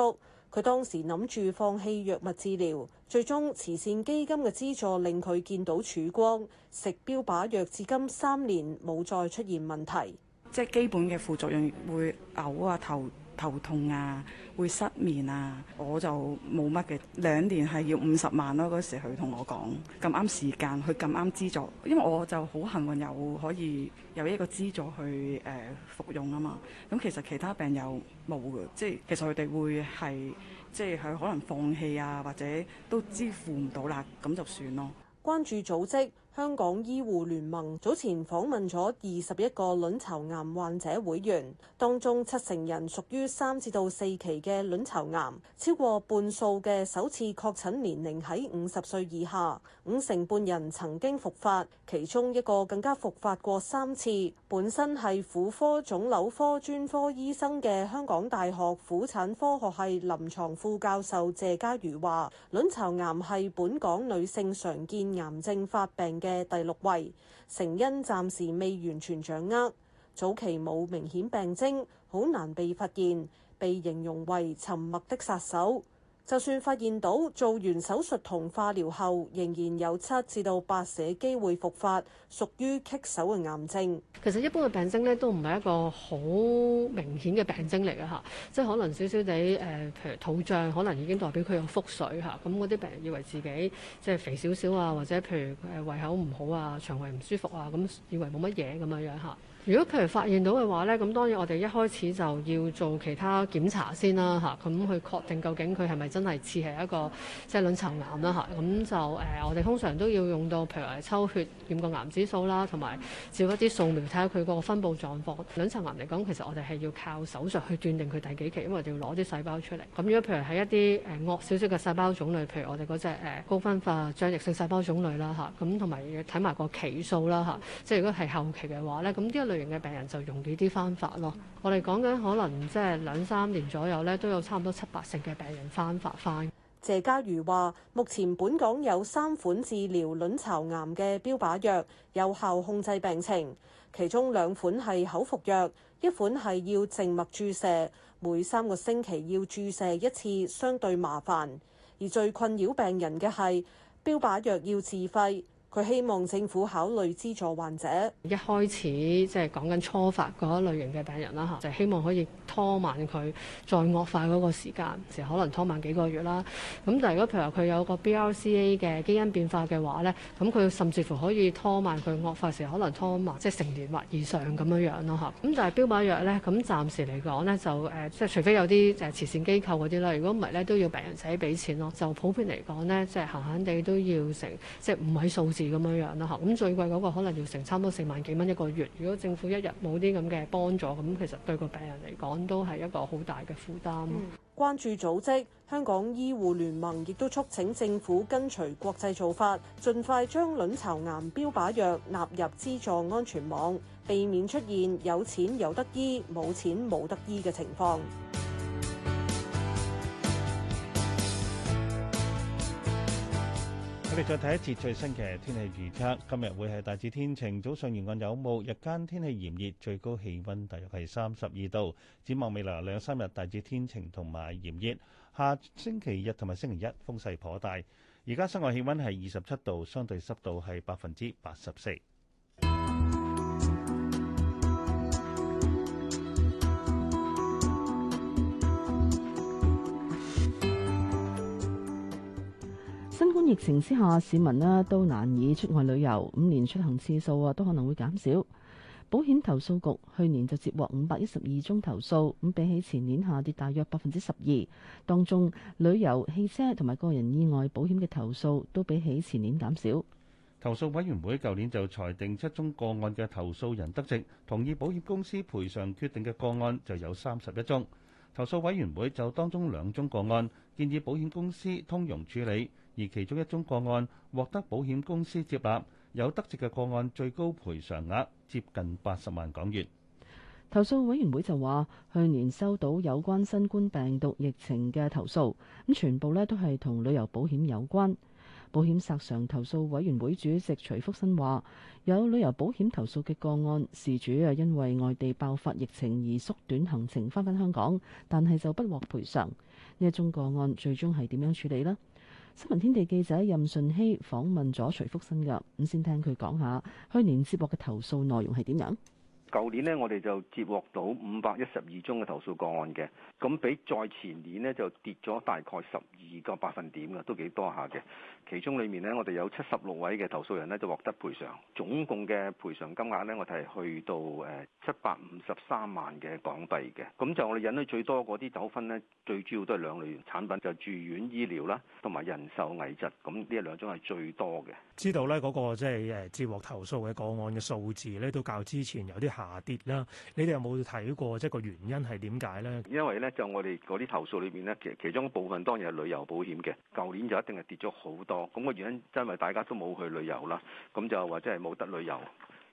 佢當時諗住放棄藥物治療，最終慈善基金嘅資助令佢見到曙光，食標靶藥至今三年冇再出現問題。即係基本嘅副作用會嘔啊頭。頭痛啊，會失眠啊，我就冇乜嘅。兩年係要五十萬咯啊，嗰時佢同我講。咁啱時間，佢咁啱資助，因為我就好幸運有可以有一個資助去誒服用啊嘛。咁其實其他病友冇嘅，即係其實佢哋會係即係佢可能放棄啊，或者都支付唔到啦，咁就算咯。關注組織。香港醫護聯盟早前訪問咗二十一個卵巢癌患者會員，當中七成人屬於三至到四期嘅卵巢癌，超過半數嘅首次確診年齡喺五十歲以下。五成半人曾經復發，其中一個更加復發過三次。本身係婦科、腫瘤科專科醫生嘅香港大學婦產科學系臨床副教授謝嘉瑜話，卵巢癌係本港女性常見癌症發病嘅第六位，成因暫時未完全掌握。早期冇明顯病徵，好難被發現，被形容為沉默的殺手。就算發現到做完手術同化療後，仍然有七至到八成機會復發，屬於棘手嘅癌症。其實一般嘅病徵咧都唔係一個好明顯嘅病徵嚟嘅嚇，即係可能少少地誒，譬如肚脹，可能已經代表佢有腹水嚇。咁嗰啲病人以為自己即係肥少少啊，或者譬如誒胃口唔好啊，腸胃唔舒服啊，咁、啊、以為冇乜嘢咁樣樣嚇。啊如果譬如發現到嘅話咧，咁當然我哋一開始就要做其他檢查先啦，嚇，咁去確定究竟佢係咪真係似係一個即係、就是、卵巢癌啦，嚇、啊，咁就誒、呃、我哋通常都要用到譬如話抽血驗個癌指數啦，同埋照一啲掃描睇下佢個分佈狀況。卵巢癌嚟講，其實我哋係要靠手術去斷定佢第幾期，因為我哋要攞啲細胞出嚟。咁如果譬如係一啲誒惡少少嘅細胞種類，譬如我哋嗰隻誒、呃、高分化漿液性細胞種類啦，嚇、啊，咁同埋睇埋個期數啦，嚇、啊，即係如果係後期嘅話咧，咁呢一類型嘅病人就容易啲翻發咯。我哋講緊可能即係兩三年左右咧，都有差唔多七八成嘅病人翻發翻。謝嘉如話：目前本港有三款治療卵巢癌嘅標靶藥，有效控制病情。其中兩款係口服藥，一款係要靜脈注射，每三個星期要注射一次，相對麻煩。而最困擾病人嘅係標靶藥要自費。佢希望政府考慮資助患者。一開始即係講緊初發嗰一類型嘅病人啦嚇，就是、希望可以拖慢佢再惡化嗰個時間，即可能拖慢幾個月啦。咁但係如果譬如話佢有個 BRCA 嘅基因變化嘅話咧，咁佢甚至乎可以拖慢佢惡化時，可能拖慢即係成年或以上咁樣樣咯嚇。咁但係標靶藥咧，咁暫時嚟講咧就誒，即、呃、係除非有啲誒慈善機構嗰啲啦，如果唔係咧都要病人自己俾錢咯。就普遍嚟講咧，即、就、係、是、閒閒哋都要成即係唔係數字。咁樣樣啦嚇，咁最貴嗰個可能要成差唔多四萬幾蚊一個月。如果政府一日冇啲咁嘅幫助，咁其實對個病人嚟講都係一個好大嘅負擔。關注組織香港醫護聯盟亦都促請政府跟隨國際做法，盡快將卵巢癌標靶藥納入資助安全網，避免出現有錢有得醫，冇錢冇得醫嘅情況。我哋再睇一次最新嘅天氣預測。今日會係大致天晴，早上沿岸有霧，日間天氣炎熱，最高氣溫大約係三十二度。展望未來兩三日大致天晴同埋炎熱。下星期日同埋星期一風勢頗大。而家室外氣溫係二十七度，相對濕度係百分之八十四。新冠疫情之下，市民呢都難以出外旅遊，五年出行次數啊，都可能會減少。保險投訴局去年就接獲五百一十二宗投訴，咁比起前年下跌大約百分之十二。當中旅遊、汽車同埋個人意外保險嘅投訴都比起前年減少。投訴委員會舊年就裁定七宗個案嘅投訴人得直，同意保險公司賠償決定嘅個案就有三十一宗。投訴委員會就當中兩宗個案，建議保險公司通融處理。而其中一宗個案獲得保險公司接納，有得賠嘅個案最高賠償額接近八十萬港元。投訴委員會就話，去年收到有關新冠病毒疫情嘅投訴，咁全部咧都係同旅遊保險有關。保險賠償投訴委員會主席徐福新話有旅遊保險投訴嘅個案，事主啊因為外地爆發疫情而縮短行程翻返香港，但係就不獲賠償。呢一宗個案最終係點樣處理咧？新聞天地記者任順熙訪問咗徐福新噶，咁先聽佢講下去年接獲嘅投訴內容係點樣。舊年呢，我哋就接獲到五百一十二宗嘅投訴個案嘅，咁比再前年呢，就跌咗大概十二個百分點嘅，都幾多下嘅。其中裡面呢，我哋有七十六位嘅投訴人呢，就獲得賠償，總共嘅賠償金額呢，我哋係去到誒七百五十三萬嘅港幣嘅。咁就我哋引到最多嗰啲糾紛呢，最主要都係兩類產品，就住院醫療啦，同埋人壽危疾，咁呢兩種係最多嘅。知道呢嗰個即係誒接獲投訴嘅個案嘅數字呢，都較之前有啲下跌啦。你哋有冇睇過？即個原因係點解咧？因為咧就我哋嗰啲投訴裡邊咧，其其中一部分當然係旅遊保險嘅，舊年就一定係跌咗好多。咁個原因真係大家都冇去旅遊啦，咁就或者係冇得旅遊。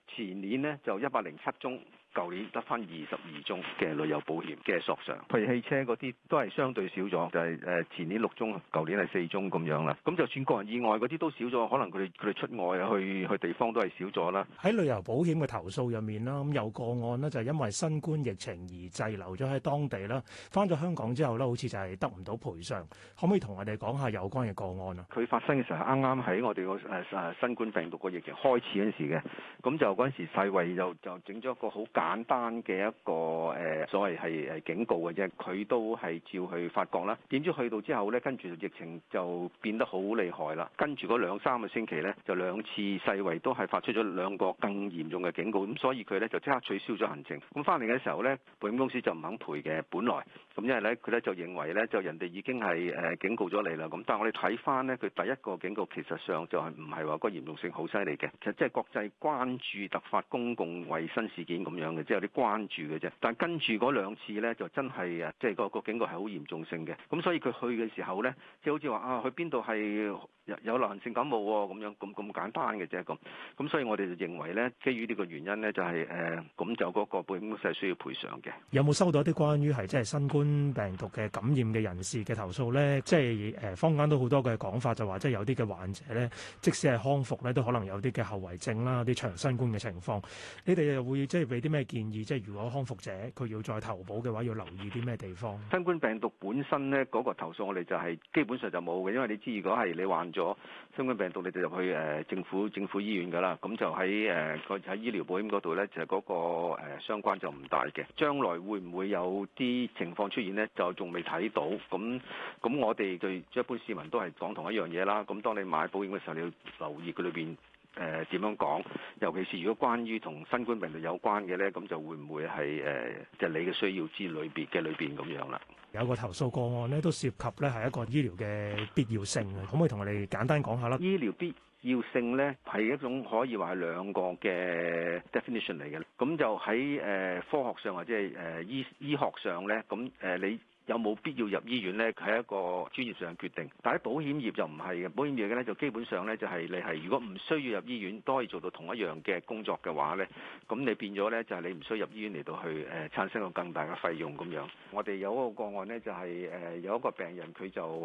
前年咧就一百零七宗。舊年得翻二十二宗嘅旅遊保險嘅索償，譬如汽車嗰啲都係相對少咗，就係誒前年六宗，舊年係四宗咁樣啦。咁就算個人意外嗰啲都少咗，可能佢哋佢哋出外啊去去地方都係少咗啦。喺旅遊保險嘅投訴入面啦，咁有個案咧就係因為新冠疫情而滯留咗喺當地啦，翻咗香港之後咧，好似就係得唔到賠償，可唔可以同我哋講下有關嘅個案啊？佢發生嘅時候啱啱喺我哋個誒誒新冠病毒個疫情開始嗰陣時嘅，咁就嗰陣時世衞就就整咗一個好簡單嘅一個誒，所謂係誒警告嘅啫，佢都係照去法國啦。點知去到之後呢，跟住疫情就變得好厲害啦。跟住嗰兩三個星期呢，就兩次世衞都係發出咗兩個更嚴重嘅警告，咁所以佢呢，就即刻取消咗行程。咁翻嚟嘅時候呢，保險公司就唔肯賠嘅，本來咁因為呢，佢呢就認為呢，就人哋已經係誒警告咗你啦。咁但係我哋睇翻呢，佢第一個警告其實上就係唔係話個嚴重性好犀利嘅，其實即係國際關注突發公共衞生事件咁樣。即係有啲關注嘅啫，但係跟住嗰兩次咧，就真係啊，即係個個警告係好嚴重性嘅，咁所以佢去嘅時候咧，即係好似話啊，去邊度係。有流行性感冒喎、哦，咁樣咁咁簡單嘅啫咁，咁所以我哋就認為咧，基於呢個原因咧、就係，呃、那就係誒，咁就嗰個保險公司係需要賠償嘅。有冇收到一啲關於係即係新冠病毒嘅感染嘅人士嘅投訴咧？即係誒，坊間都好多嘅講法就話，即係有啲嘅患者咧，即使係康復咧，都可能有啲嘅後遺症啦，啲長新冠嘅情況。你哋又會即係俾啲咩建議？即、就、係、是、如果康復者佢要再投保嘅話，要留意啲咩地方？新冠病毒本身咧嗰，那個投訴，我哋就係基本上就冇嘅，因為你知，如果係你患咗新冠病毒，你就入去誒、呃、政府政府醫院㗎啦。咁就喺誒個喺醫療保險嗰度咧，就嗰、嗰個誒、呃、相關就唔大嘅。將來會唔會有啲情況出現呢？就仲未睇到。咁咁，我哋對一般市民都係講同一樣嘢啦。咁當你買保險嘅時候，你要留意佢裏邊。誒點、呃、樣講？尤其是如果關於同新冠病毒有關嘅咧，咁就會唔會係誒，即、呃、係、就是、你嘅需要之類別嘅裏邊咁樣啦。有個投訴個案咧，都涉及咧係一個醫療嘅必要性。可唔可以同我哋簡單講下啦？醫療必要性咧係一種可以話係兩個嘅 definition 嚟嘅。咁就喺誒、呃、科學上或者係誒、呃、醫醫學上咧，咁、呃、誒你。有冇必要入醫院呢？係一個專業上嘅決定。但係保險業就唔係嘅，保險業嘅呢，就基本上呢，就係你係如果唔需要入醫院，都可以做到同一樣嘅工作嘅話呢。咁你變咗呢，就係你唔需要入醫院嚟到去誒、呃、產生個更大嘅費用咁樣。我哋有一個個案呢、就是，就係誒有一個病人佢就誒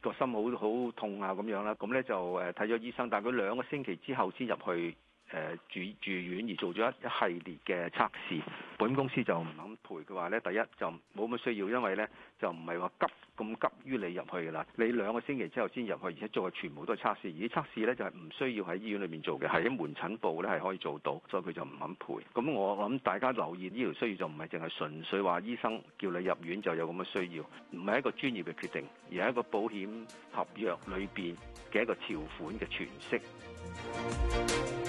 個、呃、心好好痛啊咁樣啦，咁呢，就誒睇咗醫生，但佢兩個星期之後先入去。誒、呃、住住院而做咗一一系列嘅測試，保險公司就唔肯賠嘅話，咧，第一就冇乜需要，因為咧就唔係話急咁急於你入去噶啦，你兩個星期之後先入去，而且做嘅全部都係測試，而測試咧就係、是、唔需要喺醫院裏面做嘅，喺門診部咧係可以做到，所以佢就唔肯賠。咁我諗大家留意醫療、這個、需要就唔係淨係純粹話醫生叫你入院就有咁嘅需要，唔係一個專業嘅決定，而係一個保險合約裏邊嘅一個條款嘅詮釋。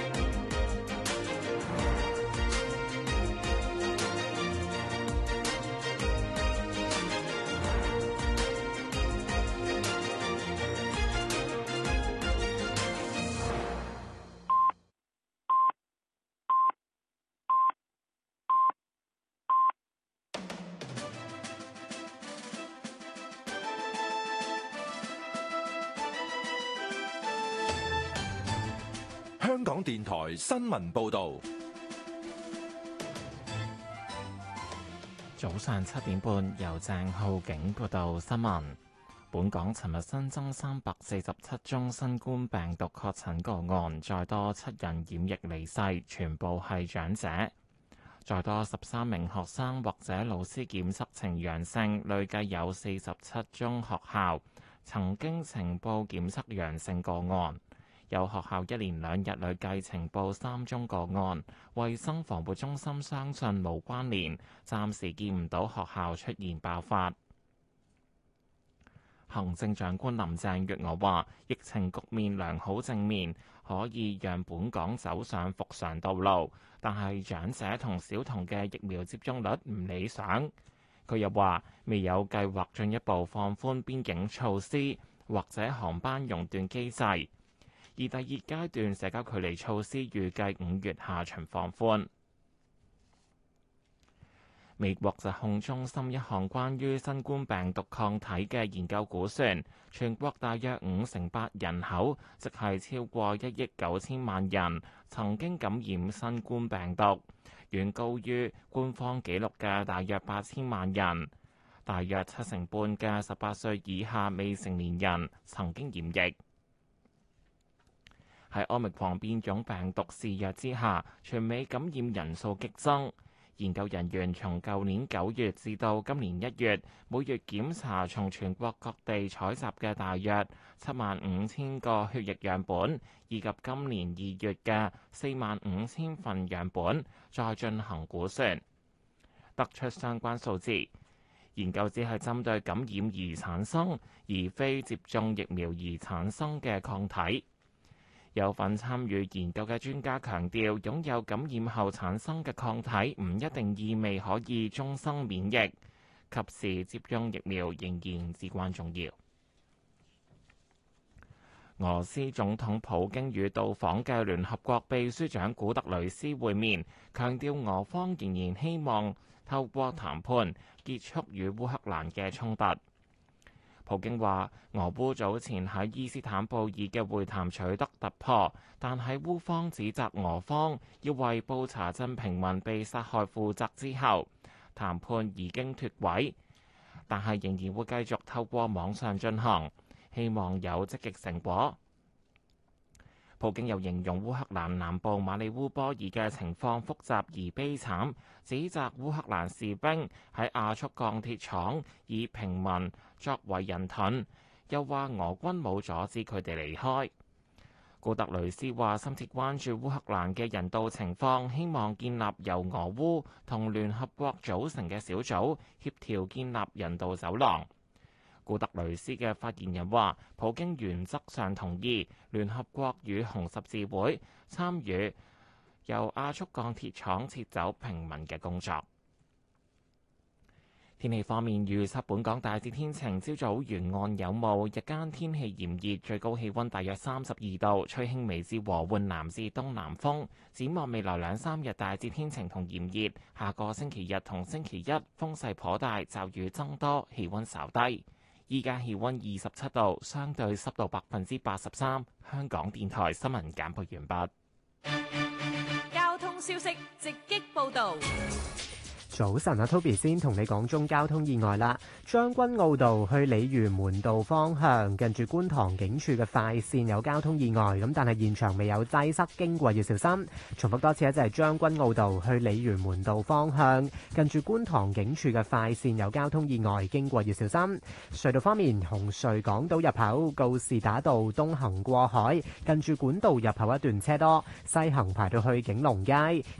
新聞報道。早上七點半，由鄭浩景報道新聞。本港尋日新增三百四十七宗新冠病毒確診個案，再多七人染疫離世，全部係長者。再多十三名學生或者老師檢測呈陽性，累計有四十七宗學校曾經情報檢測陽性個案。有學校一連兩日累計呈報三宗個案，衛生防護中心相信無關聯，暫時見唔到學校出現爆發。行政長官林鄭月娥話，疫情局面良好正面，可以讓本港走上復常道路。但係長者同小童嘅疫苗接種率唔理想。佢又話，未有計劃進一步放寬邊境措施，或者航班熔斷機制。而第二階段社交距離措施預計五月下旬放寬。美國疾控中心一項關於新冠病毒抗體嘅研究估算，全國大約五成八人口，即係超過一億九千萬人曾經感染新冠病毒，遠高於官方記錄嘅大約八千萬人。大約七成半嘅十八歲以下未成年人曾經染疫。喺奧密克戎變種病毒肆虐之下，全美感染人數激增。研究人員從舊年九月至到今年一月，每月檢查從全國各地採集嘅大約七萬五千個血液樣本，以及今年二月嘅四萬五千份樣本，再進行估算，得出相關數字。研究只係針對感染而產生，而非接種疫苗而產生嘅抗體。有份參與研究嘅專家強調，擁有感染後產生嘅抗體唔一定意味可以終生免疫，及時接種疫苗仍然至關重要。俄羅斯總統普京與到訪嘅聯合國秘書長古特雷斯會面，強調俄方仍然希望透過談判結束與烏克蘭嘅衝突。普京話：俄烏早前喺伊斯坦布爾嘅會談取得突破，但喺烏方指責俄方要為布查鎮平民被殺害負責之後，談判已經脫軌，但係仍然會繼續透過網上進行，希望有積極成果。普京又形容烏克蘭南部馬里烏波爾嘅情況複雜而悲慘，指責烏克蘭士兵喺亞速鋼鐵廠以平民作為人盾，又話俄軍冇阻止佢哋離開。古特雷斯話深切關注烏克蘭嘅人道情況，希望建立由俄烏同聯合國組成嘅小組，協調建立人道走廊。古特雷斯嘅發言人話，普京原則上同意聯合國與紅十字會參與由亞速鋼鐵廠撤走平民嘅工作。天氣方面預測，本港大致天晴，朝早沿岸有霧，日間天氣炎熱，最高氣温大約三十二度，吹輕微至和緩南至東南風。展望未來兩三日大致天晴同炎熱，下個星期日同星期一風勢頗大，驟雨增多，氣温稍低。依家氣温二十七度，相對濕度百分之八十三。香港電台新聞簡報完畢。交通消息直擊報導。早晨啊，Toby 先同你講中交通意外啦。將軍澳道去鯉魚門道方向，近住觀塘警署嘅快線有交通意外，咁但係現場未有擠塞，經過要小心。重複多次，一即係將軍澳道去鯉魚門道方向，近住觀塘警署嘅快線有交通意外，經過要小心。隧道方面，紅隧港島入口告士打道東行過海，近住管道入口一段車多，西行排到去景隆街。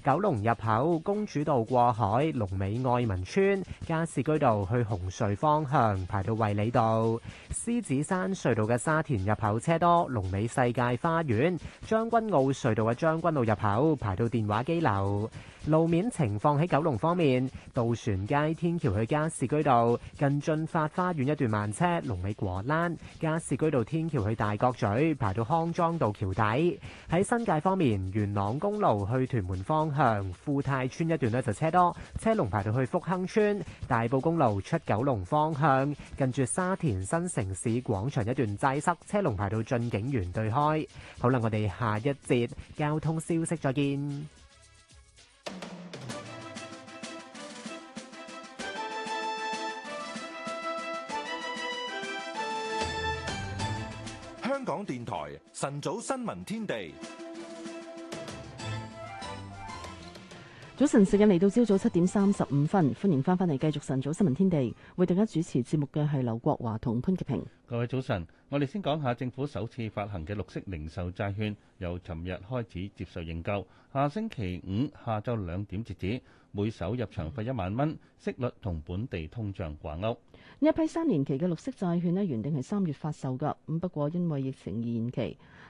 九龍入口公主道過海，龍尾愛民村、加士居道去紅隧方向排到衛理道；獅子山隧道嘅沙田入口車多；龍尾世界花園、將軍澳隧道嘅將軍澳入口排到電話機樓。路面情況喺九龍方面，渡船街天橋去加士居道近進發花園一段慢車，龍尾果欄；加士居道天橋去大角咀排到康莊道橋底。喺新界方面，元朗公路去屯門方向富泰村一段呢就車多，車龍排到去福亨村；大埔公路出九龍方向近住沙田新城市廣場一段擠塞，車龍排到進景園對開。好啦，我哋下一節交通消息再見。香港電台晨早新聞天地。早晨，時間嚟到朝早七點三十五分，歡迎翻返嚟繼續晨早新聞天地。為大家主持節目嘅係劉國華同潘潔平。各位早晨，我哋先講下政府首次發行嘅綠色零售債券，由尋日開始接受認購，下星期五下晝兩點截止，每手入場費一萬蚊，息率同本地通脹掛鈎。呢一批三年期嘅綠色債券咧，原定係三月發售㗎，咁不過因為疫情而延期。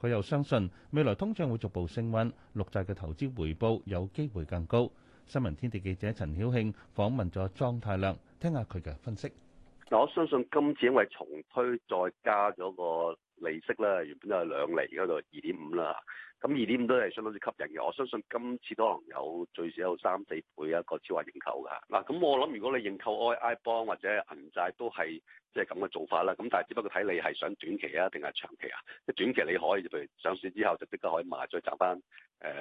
佢又相信未來通脹會逐步升溫，綠債嘅投資回報有機會更高。新聞天地記者陳曉慶訪問咗莊太亮，聽下佢嘅分析。嗱，我相信今次因為重推再加咗個利息啦，原本都係兩釐，而家就係二點五啦。咁二點五都係相當之吸引嘅，我相信今次都可能有最少有三四倍一個超額認購㗎。嗱，咁我諗如果你認購 iBond 或者銀債都係即係咁嘅做法啦，咁但係只不過睇你係想短期啊定係長期啊。即短期你可以，譬如上市之後就即刻可以賣，再賺翻誒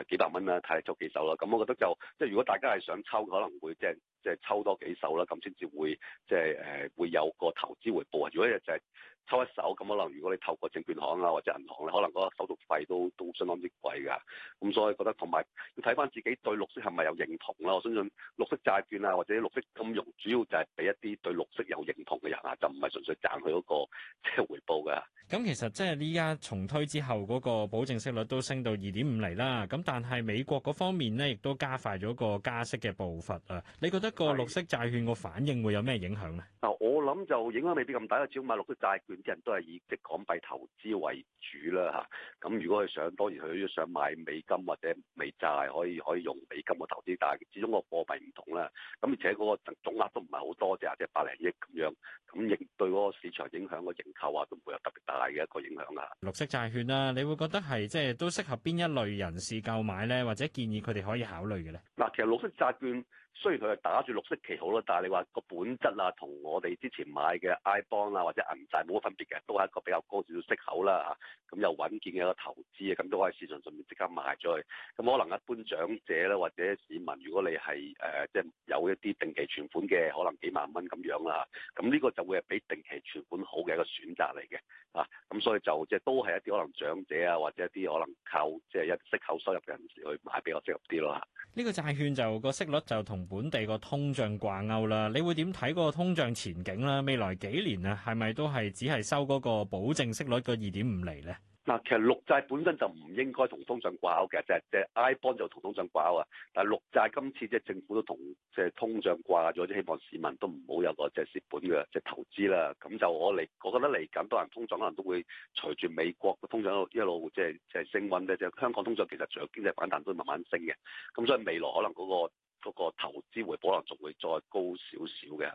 幾百蚊啦、啊，睇做幾手啦、啊。咁我覺得就即係如果大家係想抽，可能會即係即係抽多幾手啦、啊，咁先至會即係誒會有個投資回報啊。如果就係、是，抽一手，咁可能如果你透過證券行啊或者銀行咧，可能嗰個手續費都都相當之貴㗎。咁所以覺得，同埋要睇返自己對綠色係咪有認同啦。我相信綠色債券啊或者綠色金融，主要就係俾一啲對綠色有認同嘅人啊，就唔係純粹賺佢嗰個即係回報㗎。咁其實即係呢家重推之後，嗰個保證息率都升到二點五厘啦。咁但係美國嗰方面咧，亦都加快咗個加息嘅步伐啊。你覺得個綠色債券個反應會有咩影響咧？嗱，我諗就影響未必咁大啦。因為買綠色債券啲人都係以即港幣投資為主啦嚇。咁如果佢想當然佢都想買美金或者美債，可以可以用美金嘅投資，但係始終個貨幣唔同啦。咁而且嗰個總額都唔係好多啫，或者百零億咁樣。咁亦對嗰個市場影響個認購啊，都唔會有特別大。大嘅一個影響啊！綠色債券啦，你會覺得係即係都適合邊一類人士購買咧，或者建議佢哋可以考慮嘅咧？嗱，其實綠色債券。雖然佢係打住綠色旗號咯，但係你話個本質啊，同我哋之前買嘅 iBond 啊或者銀債冇乜分別嘅，都係一個比較高少少息口啦嚇，咁、啊、又穩健嘅一個投資啊，咁都可以喺市場上面即刻買咗佢。咁可能一般長者咧或者市民，如果你係誒即係有一啲定期存款嘅，可能幾萬蚊咁樣啦嚇，咁呢個就會係比定期存款好嘅一個選擇嚟嘅啊，咁所以就即係都係一啲可能長者啊或者一啲可能靠即係、就係、一息口收入嘅人士去買比較適合啲咯嚇。呢個債券就、個息率就同本地個通脹掛鈎啦，你會點睇嗰個通脹前景咧？未來幾年啊，係咪都係只係收嗰個保證息率個二點五厘咧？嗱，其實綠債本身就唔應該同通脹掛鈎嘅，即係即係 I bond 就同通脹掛鈎啊。但係綠債今次即係政府都同即係通脹掛咗，即希望市民都唔好有個即係蝕本嘅即係投資啦。咁就我嚟，我覺得嚟緊多人通脹可能都會隨住美國嘅通脹一路一路即係即係升溫咧。即係香港通脹其實除咗經濟反彈都會慢慢升嘅。咁所以未來可能嗰個嗰個投資回報率仲會再高少少嘅。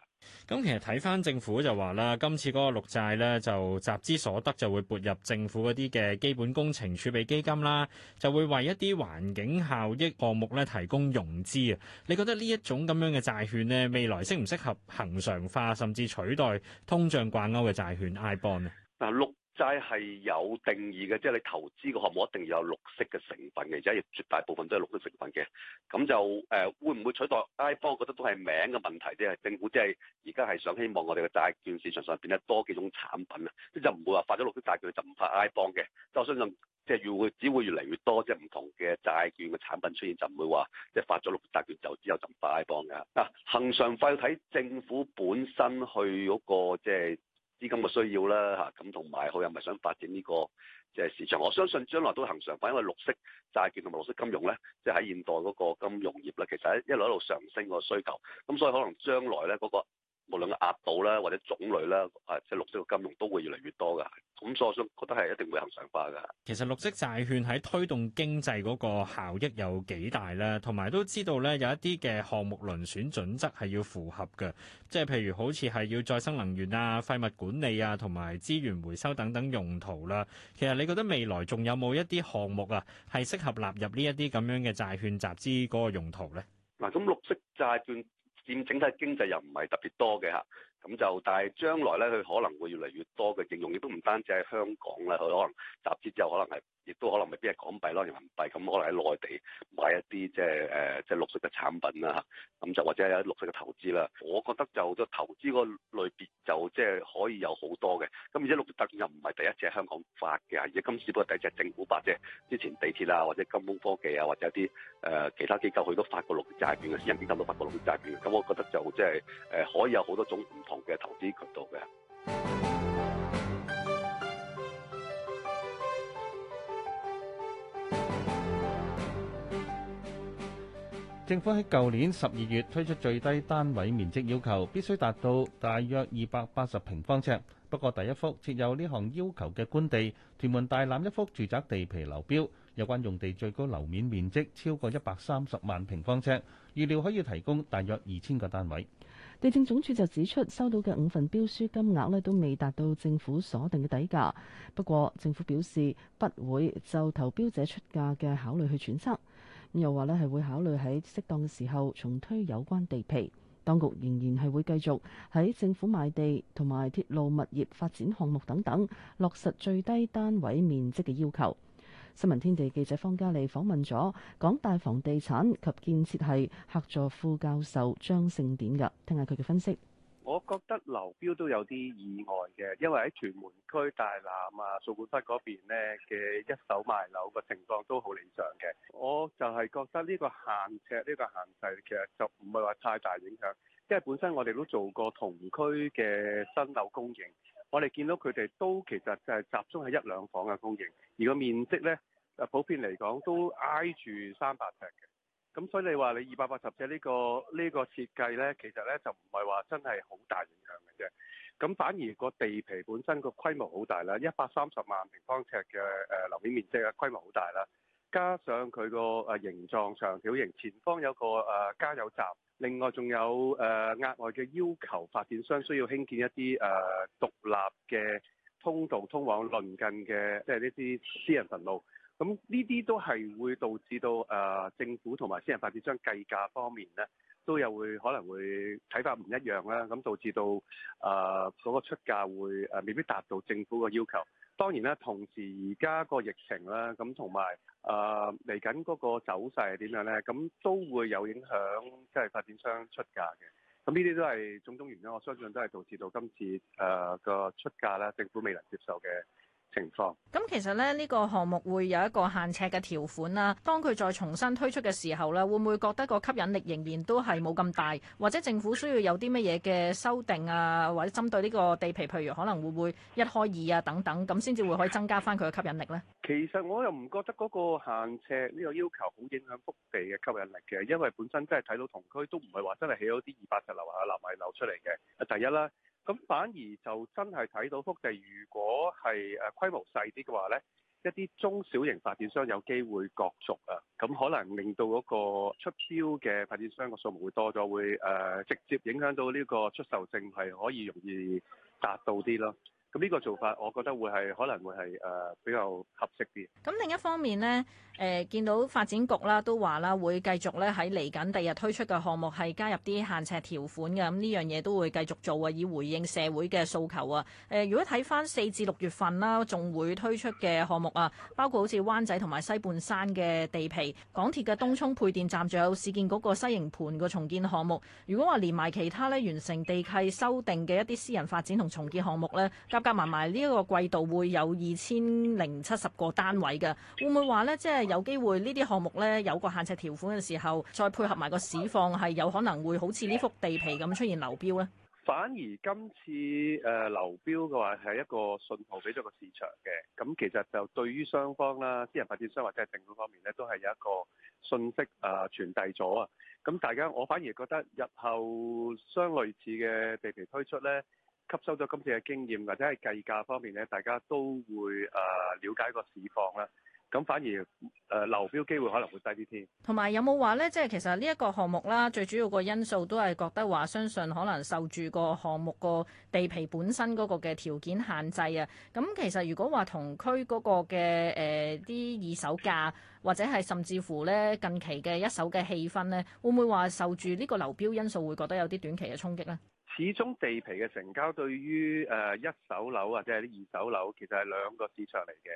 咁其實睇翻政府就話啦，今次嗰個綠債咧就集資所得就會撥入政府嗰啲嘅基本工程儲備基金啦，就會為一啲環境效益項目咧提供融資啊。你覺得呢一種咁樣嘅債券呢，未來適唔適合恒常化，甚至取代通脹掛鈎嘅債券 I Bond 啊？啊，綠債係有定義嘅，即、就、係、是、你投資個項目一定要有綠色嘅成分嘅，而且亦絕大部分都係綠色成分嘅。咁就誒、呃，會唔會取代 I 方？One, 我覺得都係名嘅問題啫。政府即係而家係想希望我哋嘅債券市場上邊得多幾種產品啊，即就唔、是、會話發咗綠色債券就唔發 I 方嘅。我相信即係越會只會越嚟越多，即係唔同嘅債券嘅產品出現，就唔會話即係發咗綠色債券就之有就唔發 I 方㗎。嗱，恆、啊、常要睇政府本身去嗰、那個即係。就是資金嘅需要啦，吓，咁同埋佢又唔係想發展呢個，即係市場。我相信將來都係行常反，因為綠色債券同埋綠色金融咧，即係喺現代嗰個金融業咧，其實一一路一路上升個需求，咁所以可能將來咧嗰個。無論個額度啦，或者種類啦，啊，即係綠色嘅金融都會越嚟越多噶。咁，所以我想覺得係一定會恆常化噶。其實綠色債券喺推動經濟嗰個效益有幾大咧？同埋都知道咧，有一啲嘅項目輪選準則係要符合嘅，即係譬如好似係要再生能源啊、廢物管理啊、同埋資源回收等等用途啦。其實你覺得未來仲有冇一啲項目啊，係適合納入呢一啲咁樣嘅債券集資嗰個用途咧？嗱，咁綠色債券。佔整體經濟，又唔係特別多嘅吓。咁就，但係將來咧，佢可能會越嚟越多嘅應用，亦都唔單止係香港啦。佢可能集資之後，可能係，亦都可能未必係港幣咯，人民幣。咁可能喺內地買一啲即係誒，即係、呃、綠色嘅產品啦。咁、啊、就或者係有啲綠色嘅投資啦。我覺得就都、這個、投資個類別就即係可以有好多嘅。咁而且綠色債券又唔係第一隻香港發嘅，而且今次只不過第一隻政府發啫。之前地鐵啊，或者金豐科技啊，或者一啲誒、呃、其他機構，佢都發過綠色債券嘅，私人機構都發過綠色債券。咁我覺得就即係誒可以有好多種唔同。嘅投資渠道嘅。政府喺舊年十二月推出最低單位面積要求，必須達到大約二百八十平方尺。不過，第一幅設有呢項要求嘅官地，屯門大欖一幅住宅地皮樓標，有關用地最高樓面面積超過一百三十萬平方尺，預料可以提供大約二千個單位。地政總署就指出，收到嘅五份標書金額呢都未達到政府鎖定嘅底價。不過，政府表示不會就投標者出價嘅考慮去揣測，又話呢係會考慮喺適當嘅時候重推有關地皮。當局仍然係會繼續喺政府賣地同埋鐵路物業發展項目等等，落實最低單位面積嘅要求。新聞天地記者方嘉利訪問咗港大房地產及建設系客座副教授張勝典嘅，聽下佢嘅分析。我覺得流標都有啲意外嘅，因為喺屯門區大欖啊、掃管笏嗰邊呢嘅一手賣樓個情況都好理想嘅。我就係覺得呢個限尺呢、呢個限制其實就唔係話太大影響，因為本身我哋都做過同區嘅新樓供應。我哋見到佢哋都其實就係集中喺一兩房嘅供應，而個面積呢，誒普遍嚟講都挨住三百尺嘅。咁所以你話你二百八十尺呢個呢個設計呢，其實呢就唔係話真係好大影響嘅啫。咁反而個地皮本身個規模好大啦，一百三十萬平方尺嘅誒樓面面積啊，規模好大啦。加上佢個誒形狀長條形，前方有個誒加油站，另外仲有誒額外嘅要求，發展商需要興建一啲誒獨立嘅通道通往鄰近嘅即係呢啲私人墳墓，咁呢啲都係會導致到誒政府同埋私人發展商計價方面咧。都有會可能會睇法唔一樣啦，咁導致到啊嗰個出價會誒、呃、未必達到政府嘅要求。當然啦，同時而家個疫情啦，咁同埋啊嚟緊嗰個走勢點樣咧，咁、嗯、都會有影響，即係發展商出價嘅。咁呢啲都係種種原因，我相信都係導致到今次誒、呃、個出價啦，政府未能接受嘅。情況，咁其實咧，呢個項目會有一個限尺嘅條款啦。當佢再重新推出嘅時候咧，會唔會覺得個吸引力仍然都係冇咁大？或者政府需要有啲乜嘢嘅修訂啊，或者針對呢個地皮，譬如可能會唔會一開二啊等等，咁先至會可以增加翻佢嘅吸引力呢？其實我又唔覺得嗰個限尺呢個要求好影響幅地嘅吸引力嘅，因為本身真係睇到同區都唔係話真係起咗啲二百尺樓啊、納米樓出嚟嘅。第一啦。咁反而就真係睇到幅地，如果係誒規模細啲嘅話，呢一啲中小型發展商有機會角逐啊，咁可能令到嗰個出標嘅發展商個數目會多咗，會誒直接影響到呢個出售證係可以容易達到啲咯。呢個做法，我覺得會係可能會係誒、呃、比較合適啲。咁另一方面呢，誒、呃、見到發展局啦，都話啦，會繼續咧喺嚟緊第日推出嘅項目係加入啲限呎條款嘅。咁呢樣嘢都會繼續做啊，以回應社會嘅訴求啊。誒、呃，如果睇返四至六月份啦，仲會推出嘅項目啊，包括好似灣仔同埋西半山嘅地皮、港鐵嘅東涌配電站，仲有市建局個西營盤個重建項目。如果話連埋其他咧完成地契修訂嘅一啲私人發展同重建項目咧，加加埋埋呢一個季度會有二千零七十個單位嘅，會唔會話咧？即係有機會呢啲項目咧有個限制條款嘅時候，再配合埋個市況，係有可能會好似呢幅地皮咁出現流標咧？反而今次誒流標嘅話，係一個信號俾咗個市場嘅，咁其實就對於雙方啦，私人發展商或者係政府方面咧，都係有一個信息啊傳遞咗啊。咁大家我反而覺得日後相類似嘅地皮推出咧。吸收咗今次嘅經驗，或者係計價方面咧，大家都會誒、呃、了解個市況啦。咁反而誒流標機會可能會低啲添。同埋有冇話咧，即係其實呢一個項目啦，最主要個因素都係覺得話，相信可能受住個項目個地皮本身嗰個嘅條件限制啊。咁其實如果話同區嗰個嘅誒啲二手價，或者係甚至乎咧近期嘅一手嘅氣氛咧，會唔會話受住呢個流標因素，會覺得有啲短期嘅衝擊咧？始終地皮嘅成交對於誒、呃、一手樓或者係啲二手樓，其實係兩個市場嚟嘅。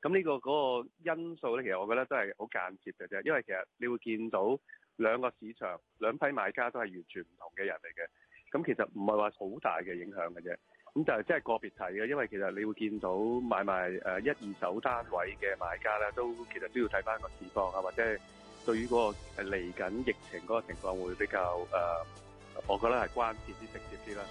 咁呢個嗰個因素咧，其實我覺得都係好間接嘅啫。因為其實你會見到兩個市場兩批買家都係完全唔同嘅人嚟嘅。咁其實唔係話好大嘅影響嘅啫。咁就係即係個別睇嘅，因為其實你會見到買賣誒一二手單位嘅買家咧，都其實都要睇翻個市況啊，或者對於嗰個誒嚟緊疫情嗰個情況會比較誒。呃我覺得係關鍵啲、直接啲啦。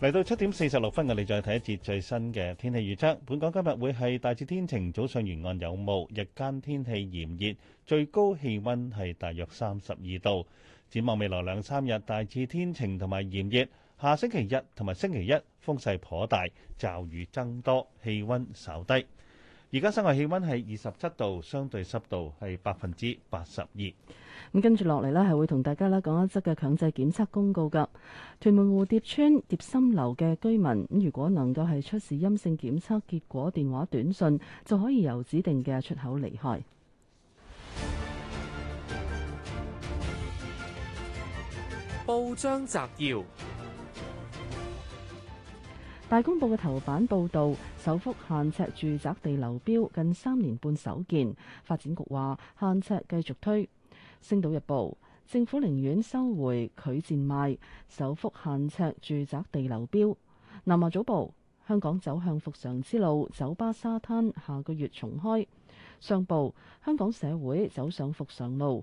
嚟到七點四十六分，我哋再睇一節最新嘅天氣預測。本港今日會係大致天晴，早上沿岸有霧，日間天氣炎熱，最高氣温係大約三十二度。展望未來兩三日，大致天晴同埋炎熱。下星期日同埋星期一風勢頗大，驟雨增多，氣温稍低。而家室外氣温係二十七度，相對濕度係百分之八十二。咁跟住落嚟呢，係會同大家咧講一則嘅強制檢測公告㗎。屯門蝴蝶村蝶心樓嘅居民，如果能夠係出示陰性檢測結果，電話短信就可以由指定嘅出口離開。報章摘要：大公報嘅頭版報道，首幅限尺住宅地流標近三年半首見。發展局話限尺繼續推。星島日報：政府寧願收回拒賤賣，首幅限尺住宅地流標。南華早報：香港走向復常之路，酒吧沙灘下個月重開。上報：香港社會走上復常路。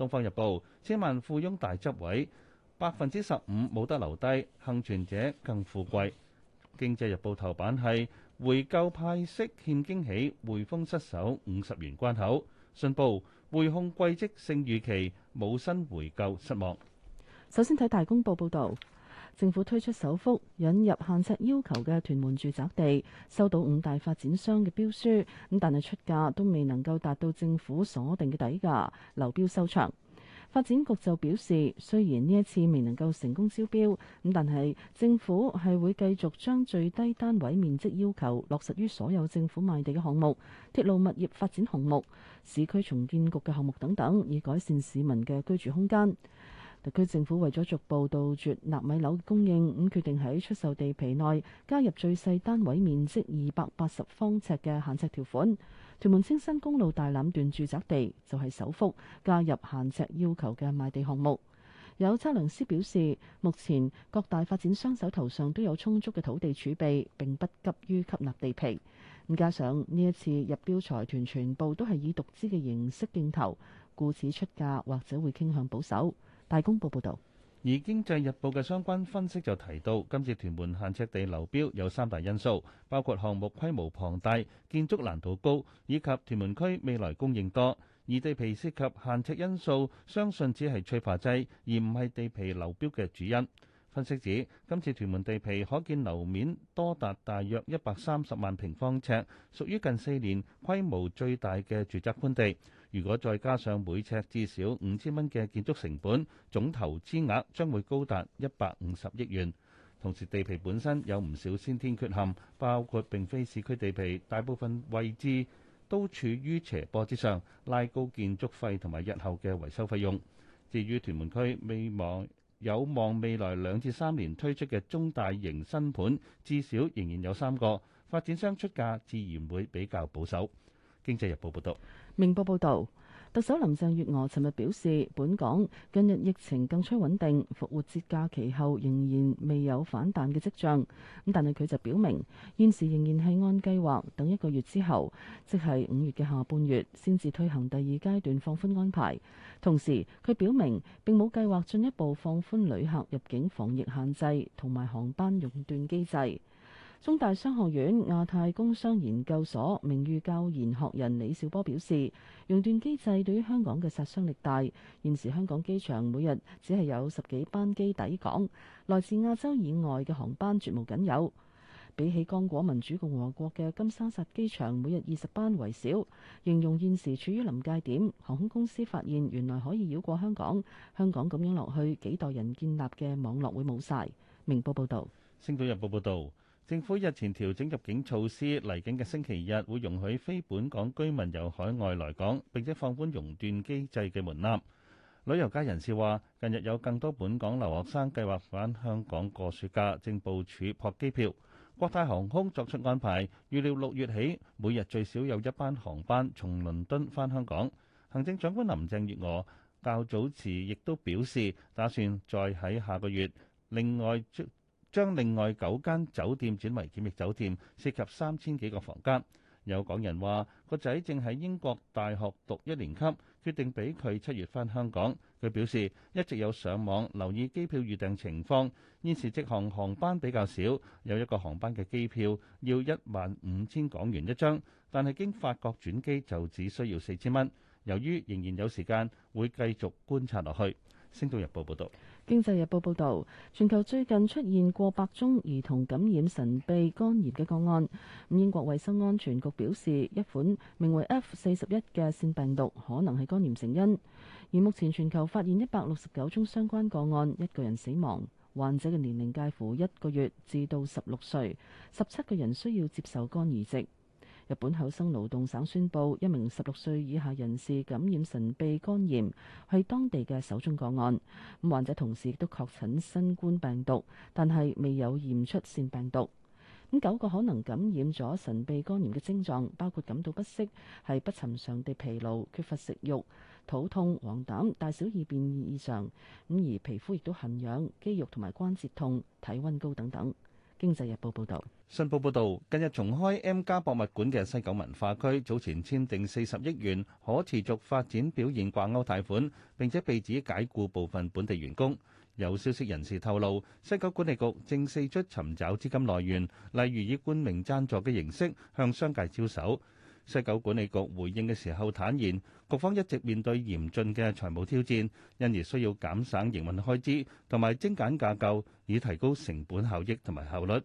《東方日報》千萬富翁大執位，百分之十五冇得留低，幸存者更富貴。《經濟日報》頭版係回購派息欠驚喜，匯豐失守五十元關口。信報匯控季績勝預期，冇新回購失望。首先睇大公報報道。政府推出首幅引入限尺要求嘅屯門住宅地，收到五大發展商嘅標書，咁但係出價都未能夠達到政府鎖定嘅底價，流標收場。發展局就表示，雖然呢一次未能夠成功招標，咁但係政府係會繼續將最低單位面積要求落實於所有政府賣地嘅項目、鐵路物業發展項目、市區重建局嘅項目等等，以改善市民嘅居住空間。特區政府為咗逐步杜絕納米樓供應，咁決定喺出售地皮內加入最細單位面積二百八十方尺嘅限呎條款。屯門青山公路大欖段住宅地就係、是、首幅加入限呎要求嘅賣地項目。有測量師表示，目前各大發展商手頭上都有充足嘅土地儲備，並不急於吸納地皮。加上呢一次入標財團全部都係以獨資嘅形式競投，故此出價或者會傾向保守。大公報報導，而《經濟日報》嘅相關分析就提到，今次屯門限呎地流標有三大因素，包括項目規模龐大、建築難度高，以及屯門區未來供應多。而地皮涉及限呎因素，相信只係催化劑，而唔係地皮流標嘅主因。分析指，今次屯門地皮可見樓面多達大約一百三十萬平方呎，屬於近四年規模最大嘅住宅官地。如果再加上每尺至少五千蚊嘅建築成本，總投資額將會高達一百五十億元。同時，地皮本身有唔少先天缺陷，包括並非市區地皮，大部分位置都處於斜坡之上，拉高建築費同埋日後嘅維修費用。至於屯門區，未望有望未來兩至三年推出嘅中大型新盤，至少仍然有三個發展商出價，自然會比較保守。經濟日報報道。明報報導，特首林鄭月娥尋日表示，本港近日疫情更趨穩定，復活節假期後仍然未有反彈嘅跡象。咁但係佢就表明，現時仍然係按計劃等一個月之後，即係五月嘅下半月先至推行第二階段放寬安排。同時，佢表明並冇計劃進一步放寬旅客入境防疫限制同埋航班熔斷機制。中大商學院亞太工商研究所名譽教研學人李兆波表示，熔斷機制對於香港嘅殺傷力大。現時香港機場每日只係有十幾班機抵港，來自亞洲以外嘅航班絕無僅有。比起剛果民主共和國嘅金沙薩機場，每日二十班為少，形容，容現時處於臨界點。航空公司發現原來可以繞過香港，香港咁樣落去，幾代人建立嘅網絡會冇晒。明報報道，星島日報報道。政府日前調整入境措施，嚟緊嘅星期日會容許非本港居民由海外來港，並且放寬熔斷機制嘅門檻。旅遊界人士話，近日有更多本港留學生計劃返香港過暑假，正部署撲機票。國泰航空作出安排，預料六月起每日最少有一班航班從倫敦返香港。行政長官林鄭月娥較早前亦都表示，打算再喺下個月。另外，將另外九間酒店轉為檢疫酒店，涉及三千幾個房間。有港人話：個仔正喺英國大學讀一年級，決定俾佢七月返香港。佢表示一直有上網留意機票預訂情況，現時直航航班比較少，有一個航班嘅機票要一萬五千港元一張，但係經法國轉機就只需要四千蚊。由於仍然有時間，會繼續觀察落去。星島日報報道。經濟日報報導，全球最近出現過百宗兒童感染神秘肝炎嘅個案。英國衛生安全局表示，一款名為 F 四十一嘅腺病毒可能係肝炎成因。而目前全球發現一百六十九宗相關個案，一個人死亡，患者嘅年齡介乎一個月至到十六歲，十七個人需要接受肝移植。日本厚生勞動省宣布，一名十六歲以下人士感染神秘肝炎，係當地嘅首宗個案。患者同時亦都確診新冠病毒，但係未有驗出腺病毒。咁九個可能感染咗神秘肝炎嘅症狀，包括感到不適、係不尋常地疲勞、缺乏食慾、肚痛、黃疸、大小二便變異常，咁而皮膚亦都痕癢、肌肉同埋關節痛、體温高等等。經濟日報報導。信報報導，近日重開 M+ 博物館嘅西九文化區，早前簽訂四十億元可持續發展表現掛鈎貸款，並且被指解雇部分本地員工。有消息人士透露，西九管理局正四出尋找資金來源，例如以冠名贊助嘅形式向商界招手。西九管理局回應嘅時候坦言，局方一直面對嚴峻嘅財務挑戰，因而需要減省營運開支同埋精簡架構，以提高成本效益同埋效率。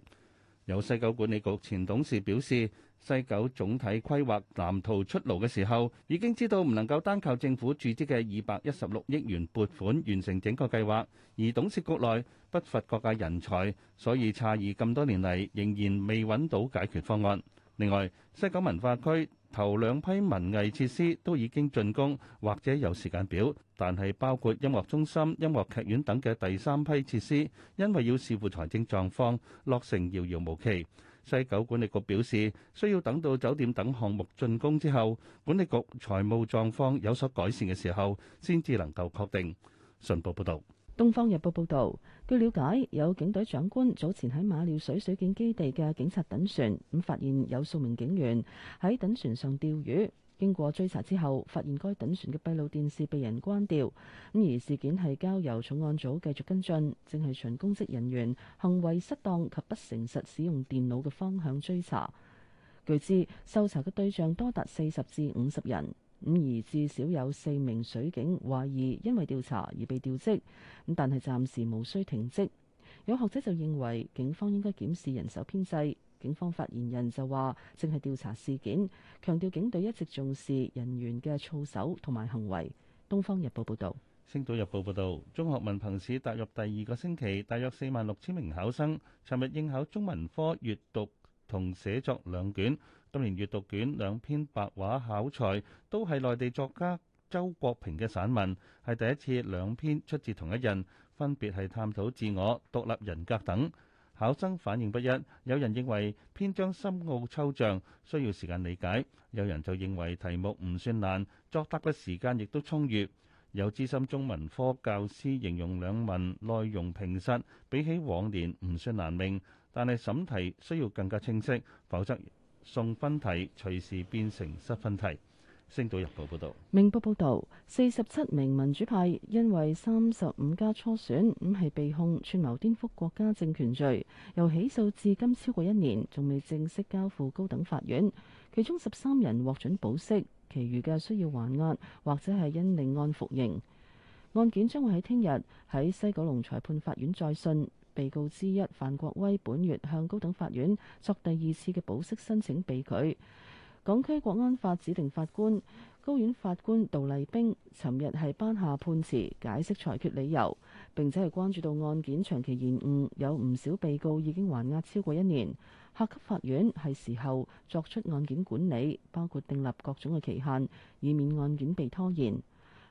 有西九管理局前董事表示，西九總體規劃藍圖出爐嘅時候，已經知道唔能夠單靠政府注資嘅二百一十六億元撥款完成整個計劃，而董事局內不乏各界人才，所以詫異咁多年嚟仍然未揾到解決方案。另外，西九文化區頭兩批文藝設施都已經竣工，或者有時間表，但係包括音樂中心、音樂劇院等嘅第三批設施，因為要視乎財政狀況，落成遙遙無期。西九管理局表示，需要等到酒店等項目竣工之後，管理局財務狀況有所改善嘅時候，先至能夠確定。信報報道。《東方日報》報道，據了解，有警隊長官早前喺馬料水水警基地嘅警察躉船，咁發現有數名警員喺躉船上釣魚。經過追查之後，發現該躉船嘅閉路電視被人關掉。咁而事件係交由重案組繼續跟進，正係循公職人員行為失當及不誠實使用電腦嘅方向追查。據知，搜查嘅對象多達四十至五十人。咁而至少有四名水警懷疑因為調查而被調職，咁但係暫時無需停職。有學者就認為警方應該檢視人手編制。警方發言人就話正係調查事件，強調警隊一直重視人員嘅操守同埋行為。東方日報報道，星島日報報道，中學文憑試踏入第二個星期，大約四萬六千名考生尋日應考中文科閱讀同寫作兩卷。今年閱讀卷兩篇白話考材都係內地作家周國平嘅散文，係第一次兩篇出自同一人，分別係探討自我、獨立人格等。考生反應不一，有人認為篇章深奧抽象，需要時間理解；有人就認為題目唔算難，作答嘅時間亦都充裕。有資深中文科教師形容兩文內容平實，比起往年唔算難明，但係審題需要更加清晰，否則。送分題隨時變成失分題。星島日報報道，明報報道，四十七名民主派因為三十五家初選，唔係被控串謀顛覆國家政權罪，由起訴至今超過一年，仲未正式交付高等法院。其中十三人獲准保釋，其餘嘅需要還押或者係因另案服刑。案件將會喺聽日喺西九龍裁判法院再訊。被告之一范國威本月向高等法院作第二次嘅保釋申請被拒。港區國安法指定法官高院法官杜麗冰，尋日係頒下判詞，解釋裁決理由，並且係關注到案件長期延誤，有唔少被告已經還押超過一年。下級法院係時候作出案件管理，包括訂立各種嘅期限，以免案件被拖延。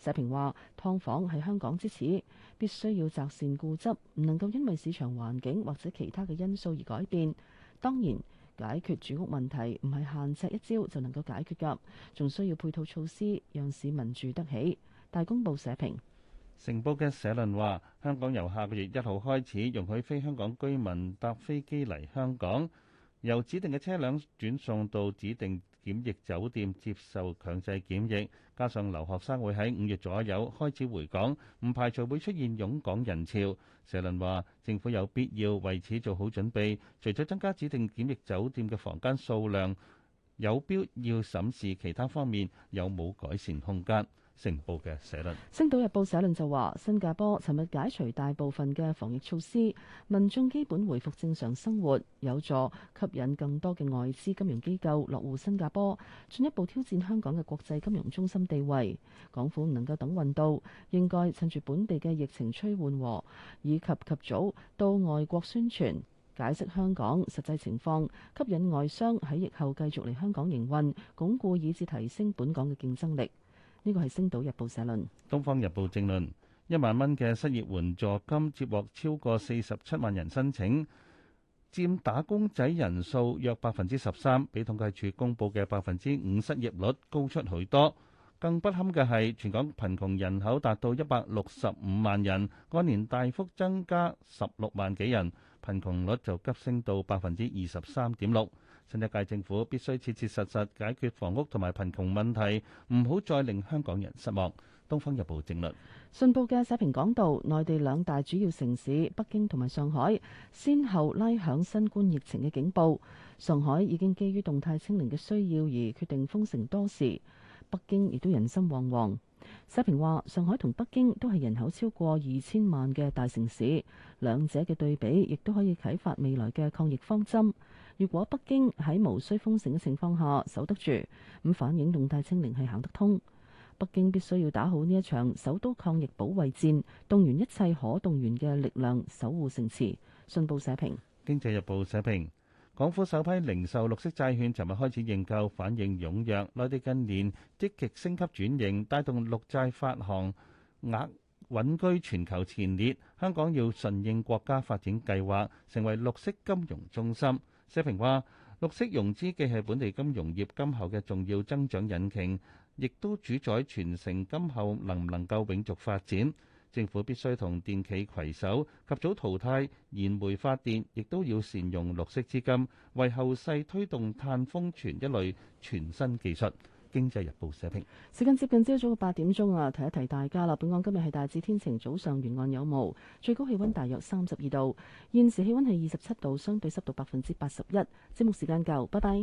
社評話劏房係香港之恥，必須要擇善固執，唔能夠因為市場環境或者其他嘅因素而改變。當然，解決住屋問題唔係限尺一招就能夠解決㗎，仲需要配套措施，讓市民住得起。大公報社評。成報嘅社論話，香港由下個月一號開始容許非香港居民搭飛機嚟香港，由指定嘅車輛轉送到指定。檢疫酒店接受強制檢疫，加上留學生會喺五月左右開始回港，唔排除會出現湧港人潮。社論話：政府有必要為此做好準備，除咗增加指定檢疫酒店嘅房間數量，有必要審視其他方面有冇改善空間。《星報》嘅社論，《星島日報》社論就話：新加坡尋日解除大部分嘅防疫措施，民眾基本回復正常生活，有助吸引更多嘅外資金融機構落戶新加坡，進一步挑戰香港嘅國際金融中心地位。港府唔能夠等運到，應該趁住本地嘅疫情趨緩和，以及及早到外國宣傳解釋香港實際情況，吸引外商喺疫後繼續嚟香港營運，鞏固以至提升本港嘅競爭力。呢個係《星島日報》社論，《東方日報》政論。一萬蚊嘅失業援助金接獲超過四十七萬人申請，佔打工仔人數約百分之十三，比統計處公布嘅百分之五失業率高出許多。更不堪嘅係，全港貧窮人口達到一百六十五萬人，按年大幅增加十六萬幾人，貧窮率就急升到百分之二十三點六。新一屆政府必須切切實實解決房屋同埋貧窮問題，唔好再令香港人失望。《東方日報》政論。信報嘅社評講道，內地兩大主要城市北京同埋上海，先後拉響新冠疫情嘅警報。上海已經基於動態清零嘅需要而決定封城多時，北京亦都人心惶惶。社評話，上海同北京都係人口超過二千萬嘅大城市，兩者嘅對比亦都可以啟發未來嘅抗疫方針。如果北京喺無需封城嘅情況下守得住，咁反映動態清零係行得通。北京必須要打好呢一場首都抗疫保衛戰，動員一切可動員嘅力量，守護城池。信報社評。《經濟日報》社評：港府首批零售綠色債券，尋日開始認購，反應踴躍。內地近年積極升級轉型，帶動綠債發行額穩居全球前列。香港要順應國家發展計劃，成為綠色金融中心。社評話，綠色融資既係本地金融業今後嘅重要增長引擎，亦都主宰全城今後能唔能夠永續發展。政府必須同電企攜手，及早淘汰燃煤發電，亦都要善用綠色資金，為後世推動碳封存一類全新技術。經濟日報社評，時間接近朝早嘅八點鐘啊，提一提大家啦。本港今日係大致天晴，早上沿岸有霧，最高氣溫大約三十二度。現時氣溫係二十七度，相對濕度百分之八十一。節目時間夠，拜拜。